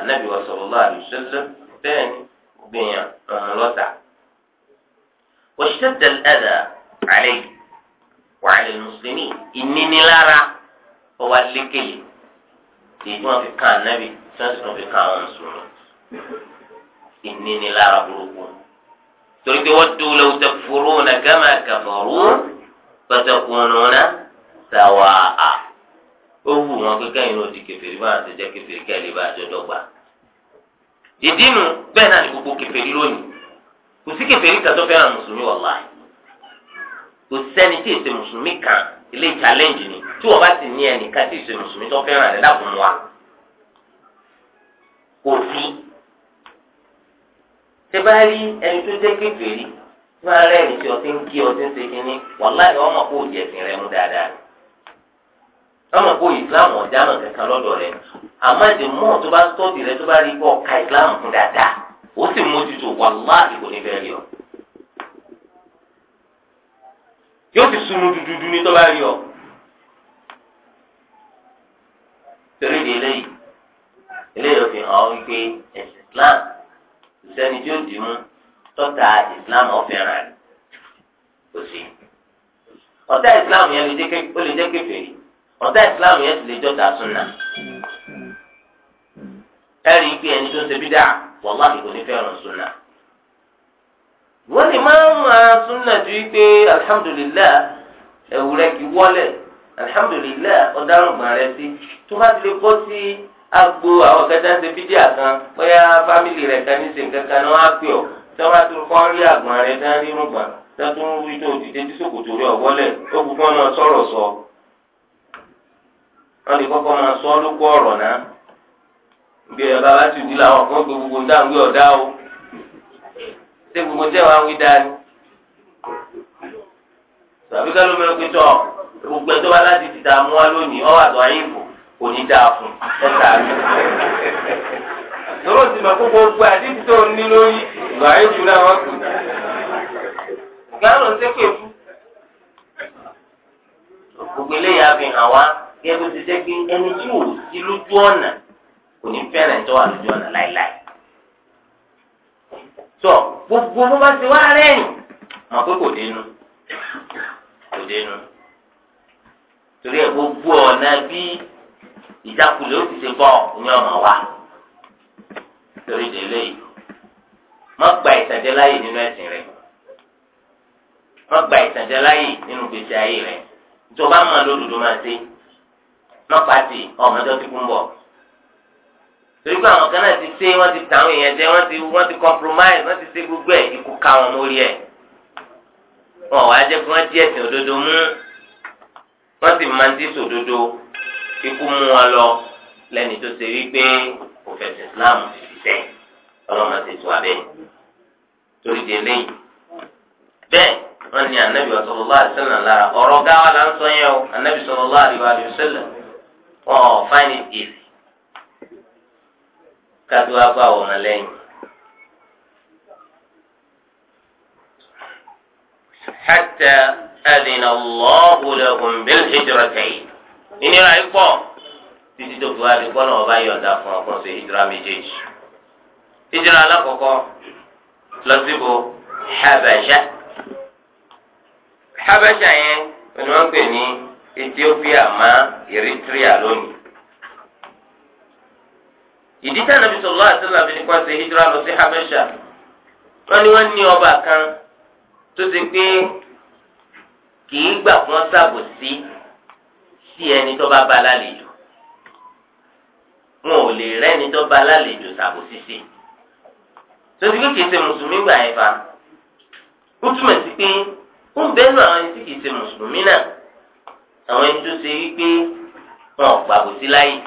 anabi wa sallallahu alaihi wasallam bẹ́ẹ̀ ni gbìyàn ọ̀hún lọ́tà washtadda al-adha alayhi wa ala al-muslimin ìnínilára ọwọ́ alékèlè èyí tí wọ́n fi kan anabi tí wọ́n sì tún fi kan àwọn mùsùlùmí ìnínilára burúkú torí pé waddu law takfuruna kama kafaru fatakununa sawaa. ó wù wọn pé kẹ́yìn náà di kèfèrí báwọn àti jẹ́ kèfèrí kẹ́lẹ́ bá àjọ dọ́gba. ìdínú bẹ́ẹ̀ náà ni gbogbo kèfèrí lónìí kò sí kèfèrí kan tó fẹ́ràn mùsùlùmí wàláhì kò tí èsè mùsùlùmí kan ilé challenge ni tí bá ní ẹnìkan tí èsè mùsùlùmí tó fẹ́ràn rẹ̀ kò bá rí ẹni tó máa tí ọtí ń kí ọtí ń ṣe kínní ọmọ káwọn kó ìsìláàmù ọ̀já mọ̀ kankan lọ́dọ̀ rẹ̀ àmọ́ ẹ̀dẹ̀ mọ́ tó bá sọ́ọ̀dì rẹ tó bá rí bọ́ ka ìsìláàmù fún dáadáa ó sì mójútó wàláhì kò ní fẹ́ rí ọ. yóò ti sunu dúdúdú ní tó bá rí ọ. torí di eléyìí eléyìí ó fi hàn ọ́ wípé ẹ̀sìn islam ìsẹ́ni tí ó dì mú tọ́ta islam ọ̀fẹ́ràn rẹ̀ kò sí. ọ̀tá islam yẹn lè jẹ́ kéfèé ọ̀tá ìsìláàmù yẹn ti lè jọ da suna. ẹ̀rí pé ẹni tó ń ṣe bídà wàláhì kò ní fẹ́ràn súnà. wọ́n lè máa ń máa súnà ju pé alihamudulilayi ẹ̀wù rẹ̀ kì í wọlé alihamudulilayi agbo àwọn kẹta ń ṣe bídà kan bóyá fámìlì rẹ̀ kan ní ṣe nǹkan kan náà á pè ọ́ tí bá tó kọ́ rí àgbọ̀n Ọ lè kọkọ máa sọ lóko ọrọ náà bí ẹ bàbá tù làwọn kan gbogbo o gbogbo wá wí tàbí pé gbogbo láti ti wa lónìí ayé ìbò kò ní dáa fún ti máa kókó gbé tó ní lórí ìgbà náà wọ́n kù. fún. hàn gẹ́gẹ́ bó ti jẹ́ pé ẹni tí ò sí lójú ọ̀nà kò ní fẹ́rẹ̀ tó wà lójú ọ̀nà láéláé. tó gbogbo bó bá ti wá rẹ́yìn mọ̀ pé kò dénú kò dénú torí ẹ gbogbo ọ̀nà bí ìjákulẹ̀ ó ti ṣe bọ̀ ní ọmọ wa torí délé yìí má gba ìtànjẹ láàyè nínú ẹ̀sìn rẹ má gba ìtànjẹ láàyè nínú gbèsè ayé rẹ tó bá mọ lódodo máa ṣe mọ́pàtì ọ̀mọ́jọ́ ti kún bọ̀. torí pé àwọn kan náà ti ṣe wọ́n ti tà èèyàn jẹ wọ́n ti wọ́n ti compromise wọ́n ti ṣe gbogbo ẹ̀ ikú ká wọn mórí ẹ̀. wọn wá jẹ́ kí wọ́n di ẹ̀sìn òdodo mú wọ́n sì máa ń dín sòdodo ikú mú wọn lọ lẹ́ni tó ṣe wípé kò fẹsẹ̀ Islam fi sẹ́ ọlọ́mọ ti tù abẹ́ torí di eléyìí. bẹ́ẹ̀ wọ́n ní anabi sallallahu alaihi wasallam lára ọ̀rọ̀ gáwa là ń sọ yẹn o anabi sallallahu alaihi oh find it easy kátó wá bá wọn lẹ́yìn. حتى أذن الله لهم بالهجرتين ìnira yìí títí tó fi wá di kọ́nà ọba yọ̀ǹda fún ọkùnrin sí hijira méjèèjì hijira alákọ̀ọ́kọ́ lọ Habasha Habasha yẹn ni wọ́n pè ní. Ethiopia ma Eritrea lónìí. ìdí tí Ànábì sallallahu alaihi wasallam fi nípa ṣe hijira lọ sí Habesha wọ́n ní wọ́n ní ọba kan tó ti pé kì í gbà fún ṣàbò sí sí ẹni tó bá ba lálejò wọn ò lè rẹ́ni tó ba lálejò ṣàbò sísè tó ti pé ṣe mùsùlùmí gbà yẹn fa ó túmọ̀ sí pé ó ń bẹ́ẹ̀ àwọn ẹni tí kì ṣe mùsùlùmí náà. àwọn ẹni tó ṣe wípé wọn ò gbàgbó sí láyè.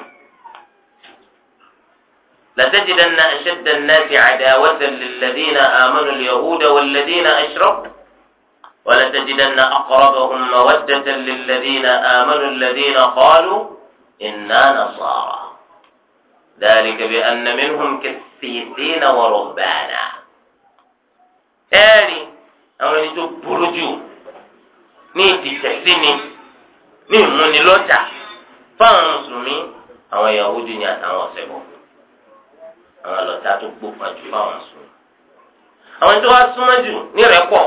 لتجدن أشد الناس عداوة للذين آمنوا اليهود والذين أشركوا ولتجدن أقربهم مودة للذين آمنوا الذين قالوا إنا نصارى ذلك بأن منهم كثيرين ورهبانا ẹ̀rí àwọn ẹni tó burú jù ní ìtìsẹ̀sí ni ní ìmúnilọ́jà fáwọn mùsùlùmí àwọn Yahudi ni àtàwọn ọ̀sẹ̀ bọ̀ àwọn àlọ́tà tó gbópa jù fáwọn mùsùlùmí. àwọn tó wá súnmọ́ jù ní rẹ́pọ̀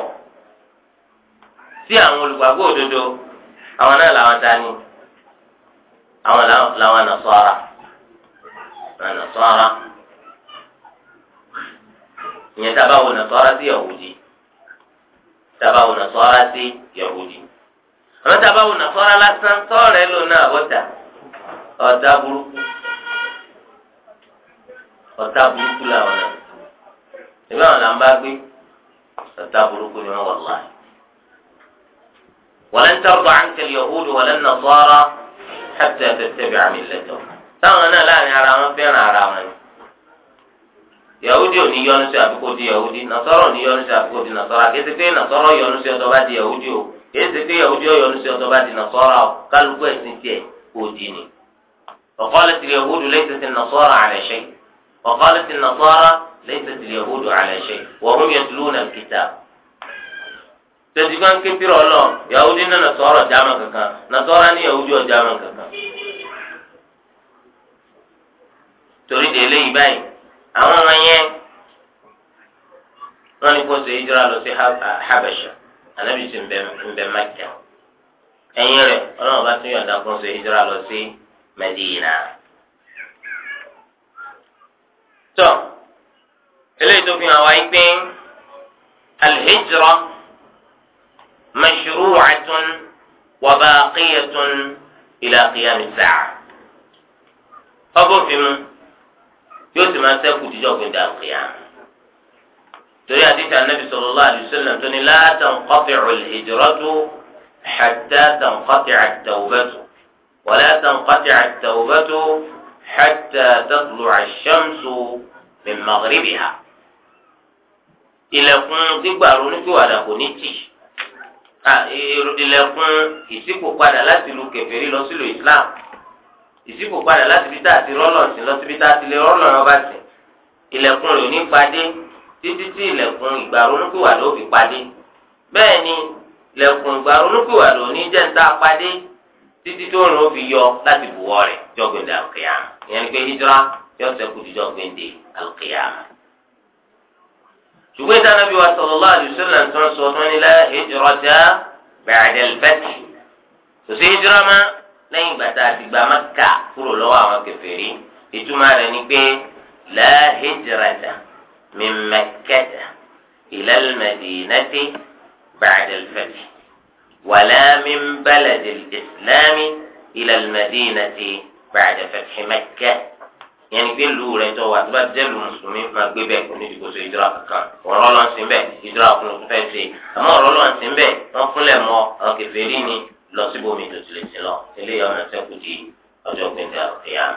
sí àwọn olùgbàgbọ́ òdodo àwọn náà làwọn dání àwọn làwọn Nasara àwọn Nasara ìyẹn tábà wò sí Yahudi tábà wò sí Yahudi àwọn tá a bá wò nàsọ́ra lásán sọ́ọ̀rẹ́ lò náà ọ̀tá ọ̀tá burúkú ọ̀tá burúkú làwọn náà ìbí àwọn là ń bá gbé ọ̀tá burúkú ni wọ́n wà láàyè. ولن ترضى عنك اليهود ولا النصارى حتى تتبع ملتهم táwọn náà láàrin ara wọn fẹ́ràn ara wọn ni yahudi ò ní yọ́nú sí àbíkó di yahudi nasọ́rọ̀ ò ní yọ́nú sí àbíkó di nasọ́rọ̀ àkété pé nasọ́rọ̀ yọ́nú sí ọ̀dọ̀ bá di yahudi o. kìí ṣe pé yahudi ọyọnu sí ọ̀tọ̀ bá di nasọra o kálukú ẹ̀sìn tiẹ̀ kò di ni yahudu lẹsẹsẹ nasọra àlẹṣẹ ọkọlẹsì nasọra lẹsẹsẹ yahudu àlẹṣẹ wọhún yatluna alkitab tẹsíkan kékeré ọlọ yahudi ní nasọra jáma kankan nasọra ní yahudi ọ kankan torí báyìí àwọn ọmọ yẹn wọn ni kò lọ anabi sì ń bẹ Mẹ́kà ẹ̀yìn rẹ̀ Ọlọ́run bá tún yọ̀ǹda fún ṣe hijira lọ sí Mẹdínà. tọ́ eléyìí tó fi hàn wáyé pé alhijira mashru'atun wa baqiyatun ila qiyam as-sa'a. yóò sì máa ń sẹ́kù jíjọ́ gbẹ̀dẹ̀ torí àdìsí anabi sallallahu alaihi wasallam tó ní la tanqati'u al-hijratu hatta tanqati'a at-tawbatu wa la tanqati'a at-tawbatu hatta tatlu'a ash-shamsu min maghribiha ilẹ̀kùn gbígbà ronúpìwàdà kò ní tì ilẹ̀kùn ìṣípòpadà láti lu kèfèrí lọ sílùú Islam ìṣípòpadà láti bí tá àti rọ́lọ̀ sí lọ síbi tá àti lè rọ́lọ̀ ọba sí ilẹ̀kùn rẹ̀ ò ní padé títí tí ilẹ̀kùn ìgbàronúpìwàdà ó fi padé bẹ́ẹ̀ ni ilẹ̀kùn ìgbàronúpìwàdà ò ní jẹ́ ń tá a padé títí tó rìn ó fi yọ láti bùwọ́ rẹ̀ jọ́gbìndé àlùkìyàmù ìyẹn ni pé hijira yóò sẹ́kù di jọ́gbìndé àlùkìyàmù. ṣùgbọ́n ìtàn Ànábì wa sallallahu alaihi wasallam tó ń sọ fún ni la hijrata ba'da al-fath kò sí hijira mọ́ lẹ́yìn ìgbà tá a ti gba kúrò lọ́wọ́ àwọn kèfèrí ìtumọ̀ rẹ̀ ni pé la hijrata من مكة إلى المدينة بعد الفتح ولا من بلد الإسلام إلى المدينة بعد فتح مكة يعني في الأولى توا أتبات المسلمين ما قبل كوني تقول إدراك كان ورلا سنبه إدراك كوني تفسي أما ورلا سنبه نقول ما أكفريني lọ síbòmí tó ti lè sin lọ eléyìí ọmọ ẹsẹkù di ọjọ́ gbẹngàn ìyá.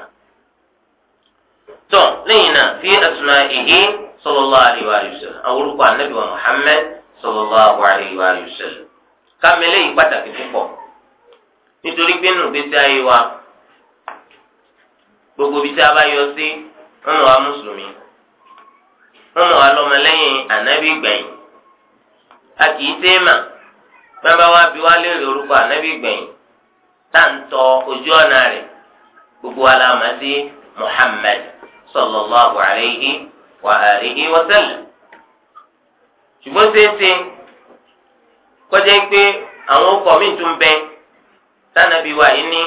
tó lẹ́yìn náà fi asma'ihi. sallallahu alaihi wa sallam àwọn orúkọ anabi wa muhammed sallallahu alaihi wa sallam kàmẹlẹ yìí pàtàkì púpọ̀ nítorí wa gbogbo bí a bá yọ sí wọn anabi a kì í wa ojú ọ̀nà rẹ̀ gbogbo muhammed wa alihi wa sallam ṣùgbọ́n ṣeéṣe kọjá pé àwọn ọkọ̀ mi tún bẹ tánàbí wa yìí ní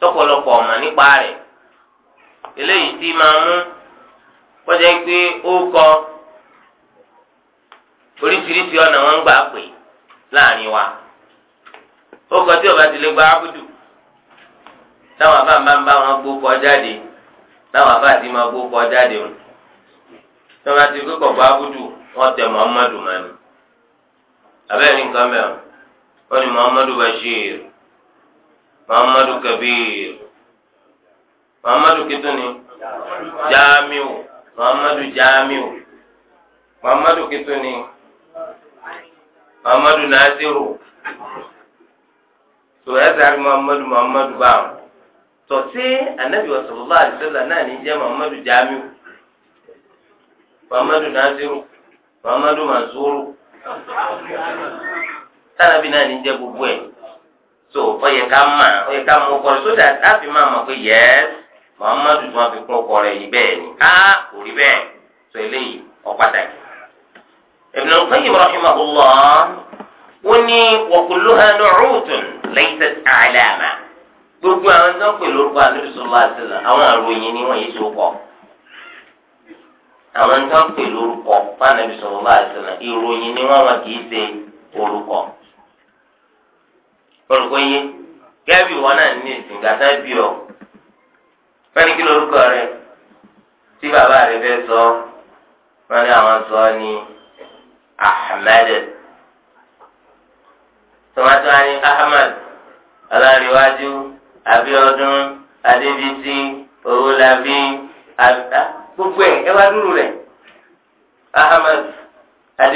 tọpọlọpọ ọmọ nípa rẹ̀ eléyìí tí máa mú kọjá pé ó kọ oríṣiríṣi ọ̀nà wọn gbà pè láàrin wa ó kọ tí ọba ti lè gba abudu táwọn ń bá wọn tọ́ba ti pé kọ̀ abudu wọ́n tẹ muhammadu mani abẹ́rẹ́ nǹkan mẹ́rin wọ́n ní muhammadu bashir muhammadu kabir muhammadu kituni jamiu muhammadu jamiu muhammadu kituni muhammadu nasiru tó ẹsẹ̀ àti muhammadu muhammadu báwọn tọ́sí anabi wa sallallahu alaihi wasallam náà ní jẹ́ muhammadu jamiu. muhammadu naziru muhammadu manzuru tánàbí náà ní jẹ gbogbo so ká ká ọkọ máa pé yẹ muhammadu tí wọn fi kún ọkọ yìí bẹ́ẹ̀ ni kò rí bẹ́ẹ̀ sọ eléyìí ní gbogbo àwọn tó ń pè lórúkọ àti àwọn àròyìn ni àwọn tó ń pè lórúkọ fáànàbí sọ̀rọ̀ bá àìsàn ìròyìn ni wọ́n wọn kì í ṣe orúkọ. orúkọ yé gẹ́bí wọn náà ní ìsìn gàtá bí ọ wọ́n ní kí lórúkọ rẹ tí bàbá rẹ fẹ́ sọ wọ́n ní àwọn sọ ní Ahmed tòmátò á Ahmed ọlọ́rìnwájú Abíọ́dún Adébísí Owólabí Abíọ́dún. gbogbo ẹ̀ ẹ wá dúró Ahmed ẹ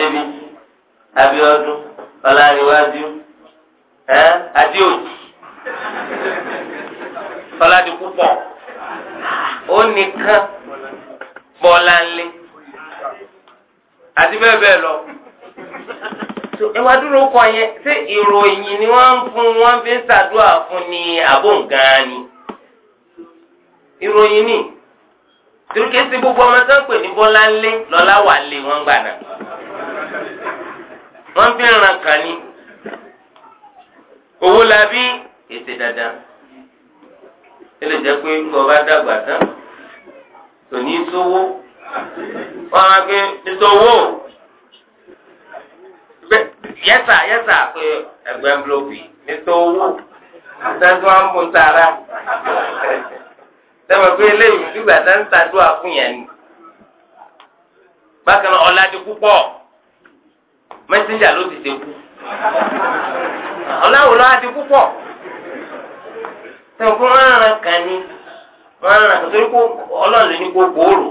Adéòjì ó nìkan àti bẹ́ẹ̀ bẹ́ẹ̀ lọ ẹ wá dúró kọ yẹn ṣé ìròyìn ni wọ́n ń fún wọ́n fi ń ṣàdúrà fún ni àbóǹgán ni ìròyìn ni. torí kìí ṣe gbogbo ọmọ tó ń pè ní bọ́lá ńlé lọ́lá wà lé wọ́n gbà náà wọ́n fi ràn kàn ní owó labí ètè dandan ẹ lè jẹ́ pé ńgbọ́ bá dàgbà tán kò sówó wọ́n á gbé ìsòwò yẹ́sà yẹ́sà pé ẹgbẹ́ ńlọ́bì ní sówó tẹ́tí wọ́n ń mú sára sẹ́wọ̀n pé eléyìí nígbà tá ń ṣàdúrà fún yẹn ni bákan náà ọ̀la ti kú pọ̀ mẹ́sẹ̀njà ló ti ṣe kú ọ̀làwò lọ́wọ́ ti kú pọ̀ sẹ́wọ̀n pé wọ́n ń ran kàn ní wọ́n ń ran kàn torí kó ọlọ́run ló ní kó gbòòrò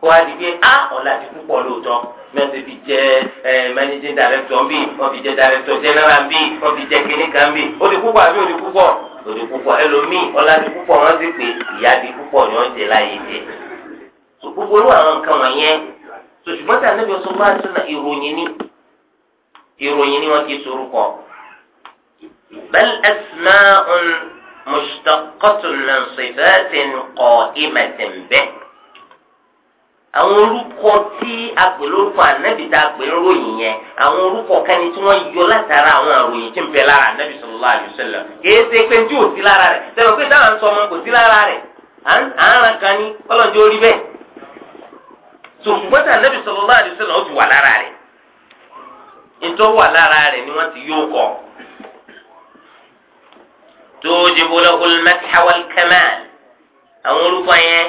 kó wá di pé á ọ̀la ti lóòótọ́ mẹsẹ fi jẹ ẹ managing director bi wọn fi jẹ director general bi wọn fi jẹ kìnìkan bi ó di púpọ̀ àbí ó di púpọ̀ ó di púpọ̀ ẹlòmíì ọlá di púpọ̀ wọn ti pè ìyá di púpọ̀ ni wọn jẹ láyé jẹ tó gbogbo olú àwọn nǹkan wọ̀nyẹn tó ṣùgbọ́n tí ànábi ọ̀sán bá ti na ìròyìn ni ìròyìn ni wọn kì í sorúkọ bal asma'un mushtaqatun min sifatin qa'imatin bihi àwọn orúkọ tí a pè lórúkọ ànábì tá a pè ń ròyìn yẹn àwọn orúkọ kẹni tí wọ́n yọ látara àwọn àròyìn tí ń bẹ lára ànábì sallallahu alaihi wasallam kìí ṣe pé tí ò sí lára rẹ̀ sẹwọn pé táwọn sọ ọmọ kò sí lára rẹ̀ àárán kan ní kọlọńjọ orí bẹ́ẹ̀ sòṣùgbọ́n tí ànábì sallallahu alaihi ó ti wà lára rẹ̀ nítorí wà lára rẹ̀ ni wọ́n ti yóò kọ tó jẹ́ bọ́lá olùmọ̀tàwọ̀l kẹmẹ́ẹ̀l àwọn orúkọ yẹn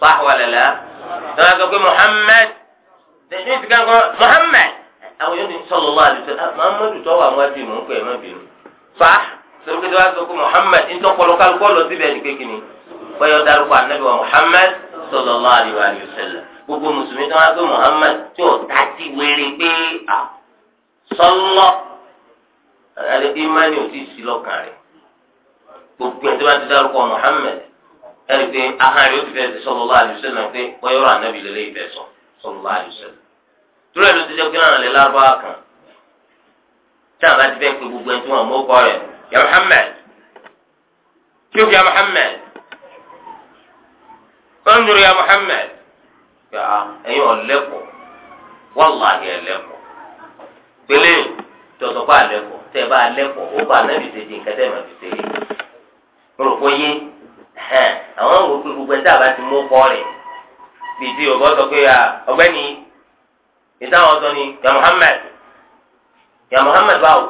صح ولا لا؟ تقول محمد تجميع كان محمد أو يقول صلى الله عليه وسلم محمد توا ما في ممكن ما في صح؟ sọ́kè tí wàá sọ pé muhammed ń tọ́kọ̀lọ́ kálukọ́ lọ síbẹ̀ ní kékeré bọ́yọ̀ dárúkọ anábì wa muhammed sallallahu alaihi wa sallam gbogbo mùsùlùmí tí wọ́n sọ muhammed tí ò ta ti wéré pé à sọ́lọ́ ìmánì ò ti sí lọ́kàn rẹ̀ gbogbo ẹ̀ tí ti dárúkọ muhammed ẹni pé ahọ́n rẹ̀ ó fẹ́ ti sallallahu alaihi wasallam pé ànábì lélẹ́ ìfẹ́ sọ ti jẹ́ pé àwọn kan tí àwọn pé gbogbo ẹni tí wọ́n mú kọ́ ya Muhammad ya Muhammad ya Muhammad ah, ọ̀lẹ́kọ̀ọ́ bá bá ó bá hẹn àwọn wò gbogbo ẹni tí a bá ti mú kọ́ rẹ̀ bìtì ọ̀gá sọ pé sọ ni ya Muhammad ya Muhammad báwo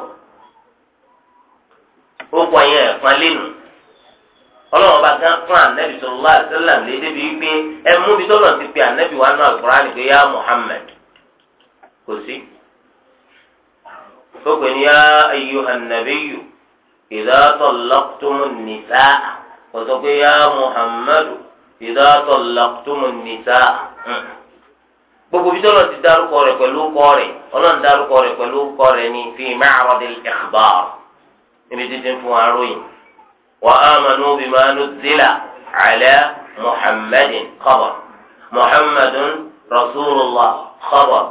ó kọ yẹn ẹ̀fọn lẹ́nu ọlọ́wọ́n bá gán fún anabi sọlá sẹlẹm lédè bíi pé ẹ mú bí tọ́lọ̀ ti pe anabi wa náà kúrò ya Muhammad kò sí ó pè ní ya ayyuhan kọsọ pé ya muhammadu idha tallaqtumu nisaa gbogbo bí tọ́lọ̀ ti dárúkọ rẹ̀ pẹ̀lú kọ́ rẹ̀ ọlọ́run dárúkọ rẹ̀ pẹ̀lú kọ́ rẹ̀ ní fi ma'radil ikhbar níbi títí fún aróyìn wa amanu bima nuzzila ala muhammadin khabar muhammadun rasulullah khabar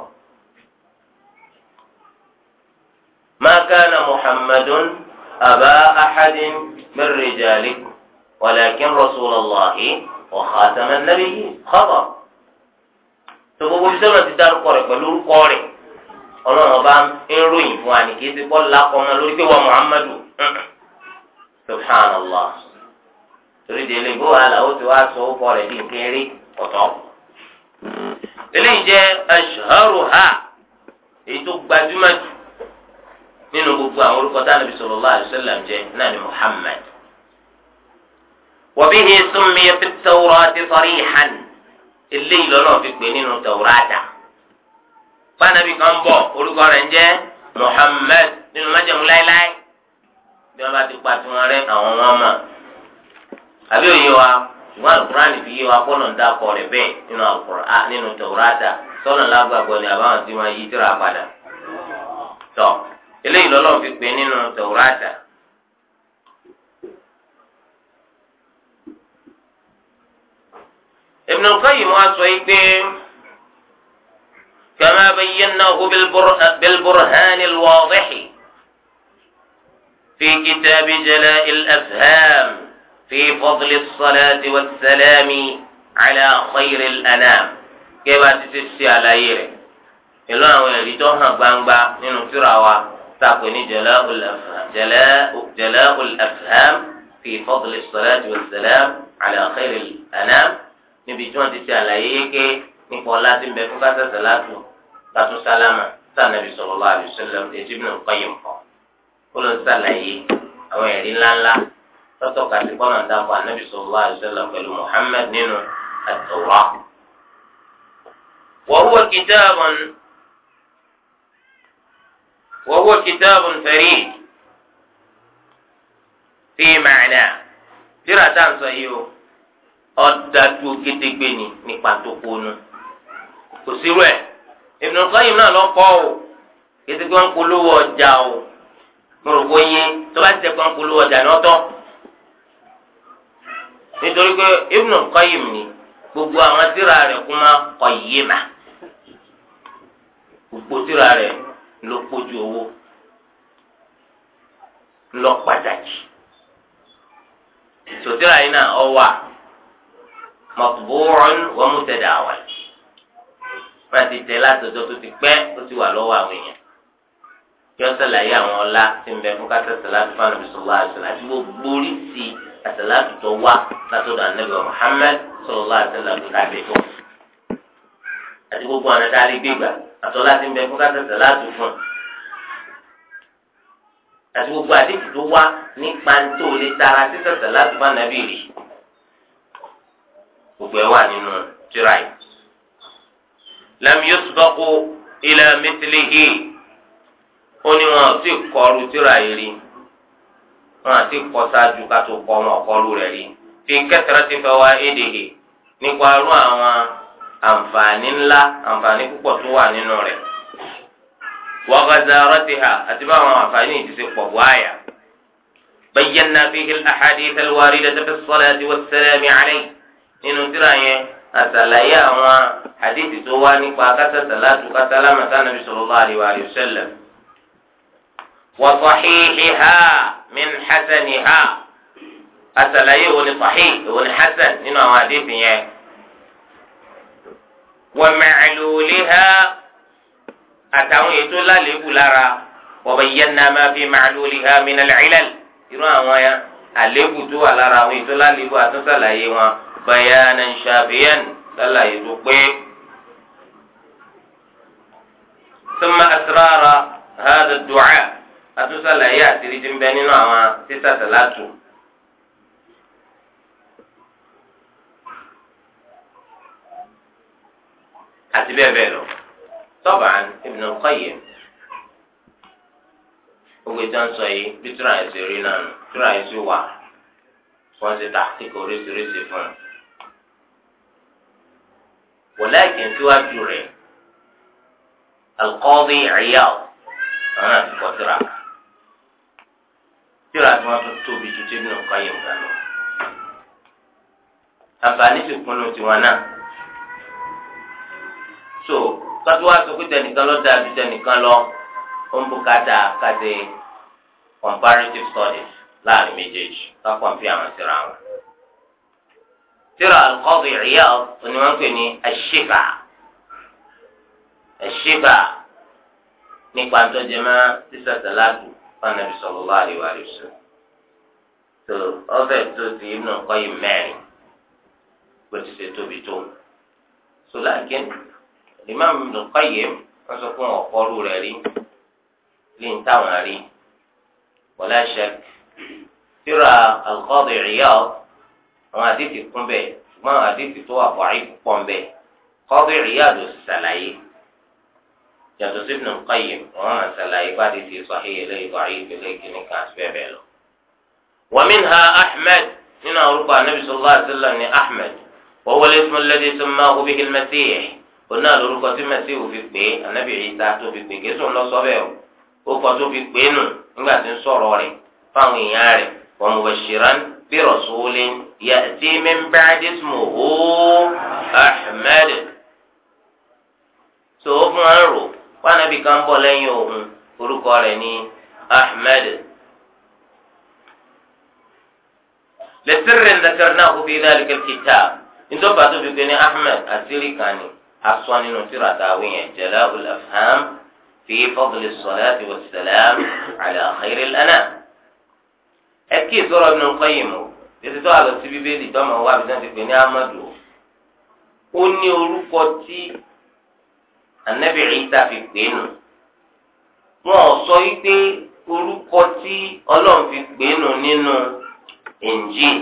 ma kana muhammadun aba ahadin min rijalik. ولكن رسول الله khataman النبي خبر. tó gbogbo bí sọlọ ti dárúkọ rẹ̀ pẹ̀lú orúkọ rẹ̀ Ọlọ́run ọba ń ròyìn fún wa ní kí n ti kọ lakọ ọmọ lórí pé wa muhammadu subhanallah torí délé bó wa là ó ti wá sọ orúkọ rẹ̀ di nkéré ọ̀tọ̀ eléyìí jẹ́ ashharu ha èyí tó gbajúmọ̀ jù nínú gbogbo àwọn orúkọ tá a nàbì sallallahu alaihi wasallam jẹ́ náà ni muhammad. وبه سمي في التوراة صريحا eléyìí lọ́nà fi pè nínú tawrata fanabi kan bọ̀ orúkọ rẹ̀ ń jẹ́ Muhammad nínú májẹ̀mú láéláé bí wọ́n bá ti pa tiwọn rẹ àwọn wọn mọ̀ àbí òye wa ìwọ alukurani fi yé wa kọ́nà ń dákọ̀ rẹ̀ bẹ́ẹ̀ nínú alukura nínú tawrata sọ́nà lágbàgbọ́ ni àbáwọn tí wọ́n yí tíra padà tọ́ eléyìí lọ́nà fi pè nínú tawrata. Ibn al-Qayyim wá sọ yìí pé kama bayyanahu bil-burhan al-wadih fi kitab jalaa'i al-afham fi fadli as-salati was-salami ala khayri al-anam kẹ́bà ti ti ṣe àlàyé rẹ̀ pẹ̀lú àwọn ẹ̀rí tó hàn gbangba nínú tírà wa tàpé ní jala'ul afham fi fadli as-salati was-salam ala khayri al-anam. níbi tí wọ́n ti ṣe àlàyé yéké nípa ọlá tí ń bẹ fún kásá sàlátù kátó sálámà sànàbì sallallahu alaihi wasallam ètò Ibn Qayyim kọ ó lọ sàlàyé àwọn ẹ̀rí ńláńlá lọ́tọ̀ kàti kọ́nà dàpọ̀ ànàbì sallallahu alaihi wasallam pẹ̀lú Muhammad ọ̀dàdú gédégbé ni nípa tó kónú kò sírú ẹ̀ Ibn Qayyim náà lọ́kọ́ o polówó ọjà o mo rò tó ọjà ní ọ̀tọ̀ nítorí pé Ibn Qayyim ni gbogbo àwọn tíra kó kọ yé ma gbogbo tíra ló owó lọ pàtàkì sòtíra yìí náà ọ wà. mọ̀tòbóorán wọ́n mú tẹ̀dá wà. wọ́n ti tẹ̀ látọjọ́ tó ti pẹ́ ó ti wà lọ́wọ́ àwọn èèyàn. kí wọ́n sàlàyé àwọn ọlá tí ń bẹ fún ká tẹ̀sán láti fún àlùbí sọ̀rọ̀ àṣọlá àti gbogbo orí ti àṣàlá tó wá látọ̀dọ̀ ànábì Muhammad sọ̀rọ̀ àṣọlá tó tàbí tó. àti gbogbo àwọn ẹ̀dá gbégbà àtọ́lá ti ń bẹ fún ká tẹ̀sán fún àti gbogbo àdéhùn tó wá nípa tó lè tara títẹ̀sán láti fún ànábì rèé gbogbo ẹ wà nínú tíra yìí. lam yusbaqu ila mithlihi ó ní wọn àti kọrú tíra yìí rí wọn àti kọ sáájú ká tó kọ wọn kọrú rẹ̀ rí fi kathrati fawaidihi nípa arú àwọn àǹfààní ńlá àǹfààní púpọ̀ tó wà nínú rẹ̀ wa ghazaratiha àti báwọn àǹfààní yìí ti ṣe pọ̀ bọ́ àyà. بينا فيه الأحاديث الواردة في الصلاة والسلام عليه nínú tíra yẹn àtàlàyé àwọn àdéhìí tó wá nípa kátàtàlátù kátálámà tánàbí sallallahu alaihi wa sallam. wa sahihiha min hasaniha àtàlàyé òní sahih òní hasan nínú àwọn àdéhìí yẹn. wa ma'luliha àtàwọn ètò lálébù lára wa bayyana ma fi ma'luliha min al-'ilal irú àwọn àlébù tó wà lára àwọn ètò lálébù àtúntàlàyé wọn. bayanan shafiyan zo lálàyé tó pé. ثم أسرار هذا الدعاء أتسأل يا سيدي جنبين ti تسعة ثلاثة àti bẹ́ẹ̀ bẹ́ẹ̀ lọ. Taban Ibn al-Qayyim gbogbo ìtàn sọ yi bí tíra ẹ̀sìn rí náà nù tíra ẹ̀sìn wà wọ́n ti tà kíkọ oríṣiríṣi fún un. ولكن láìkí síwájú rẹ̀ alqadi Iyad àwọn àti kọ́síra síra tí wọ́n tún tóbi ju tí nínú nǹkan yẹn gbà lọ. àǹfààní sì kúnnú tiwọn náà. so kátó wá sọ pé tẹnìkan lọ dàbí tẹnìkan lọ ó ń bùkátà káde comparative studies láàrin méjèèjì ká kàn àwọn síra wọn tíra alqadi Iyad ni wọ́n pè ní aṣífà aṣífà nípa tó jẹ mọ́ sísá sàlátù fanabi sallallahu alaihi wasallam tó ọ̀fẹ́ tó ti Ibn Qayyim mẹ́rin bó ti ṣe tóbi tó sọláàkín Imam Ibn Qayyim wọ́n sọ fún ọ̀pọ̀rù rẹ̀ rí lè ń táwọn rí wala shak tíra alqadi Iyad àwọn àdéhìí kún bẹ́ẹ̀ ṣùgbọ́n àwọn àdéhìí tó wà fàáyì pọ̀ bẹ́ẹ̀ kọ́bí ìyáàdó ṣàlàyé yàtọ̀ sí Ibn Qayyim wọn àwọn ṣàlàyé bá ti fi sahih eléyìí fàáyì pẹ̀lẹ́ kìíní kan àti bẹ́ẹ̀ bẹ́ẹ̀ lọ. wa minha Ahmad nínú àwọn orúkọ Ànábì sallallahu alaihi wasallam ni Ahmad wa huwa al-ismu alladhi sammahu bihi al-Masih tó fi pè kéésùn lọ sọ bẹ́ẹ̀ o tí ń sọ̀rọ̀ برسول يأتي من بعد اسمه أحمد سوف نرو وانا بكم بولن يوم ورقارني أحمد لسر ذكرناه في ذلك الكتاب إن تبعتوا بكني أحمد أسيري كاني أصواني نسير تاوين جلاء الأفهام في فضل الصلاة والسلام على خير الأنام ẹ kí ìsọ̀rọ̀ Ibn Qayyim o èsì tó àlọ́ sí bíbélì tọ́mọ̀ wá bí sẹ́ńtì pé ní amadu ó ní orúkọ tí fi pè é nù wọn ò sọ wípé orúkọ tí ọlọ́run fi pè é nù nínú Injil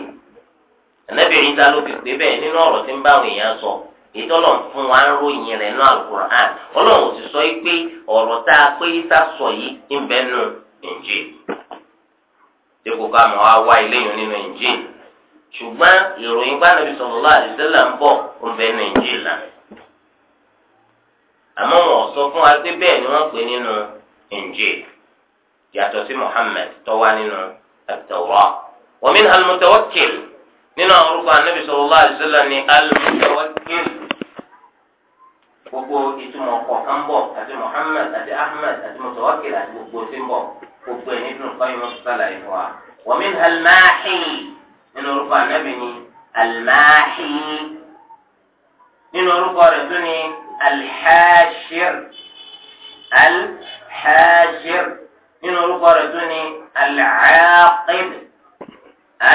fi pè bẹ́ẹ̀ nínú ọ̀rọ̀ tí ń bá àwọn èèyàn sọ ètò ọlọ́run fún wa ń ròyìn rẹ̀ ọlọ́run ò sì sọ a pé sọ yìí ń dípò ká mọ̀ wá wá eléyìí nínú Injil ṣùgbọ́n ìròyìn bá nàbí sallallahu ń bọ̀ ó ọsọ àmọ́ wọn ò sọ fún wa pé bẹ́ẹ̀ ni wọ́n pè nínú yàtọ̀ sí Muhammad nínú al nínú àwọn orúkọ ni al gbogbo ìtumọ̀ Muhammad àti ahmed àti àti gbogbo وفين ابن القيم الصلاه ومنها الماحي من رفع نبني الماحي من رفع رتني الحاشر الحاشر من رفع رتني العاقب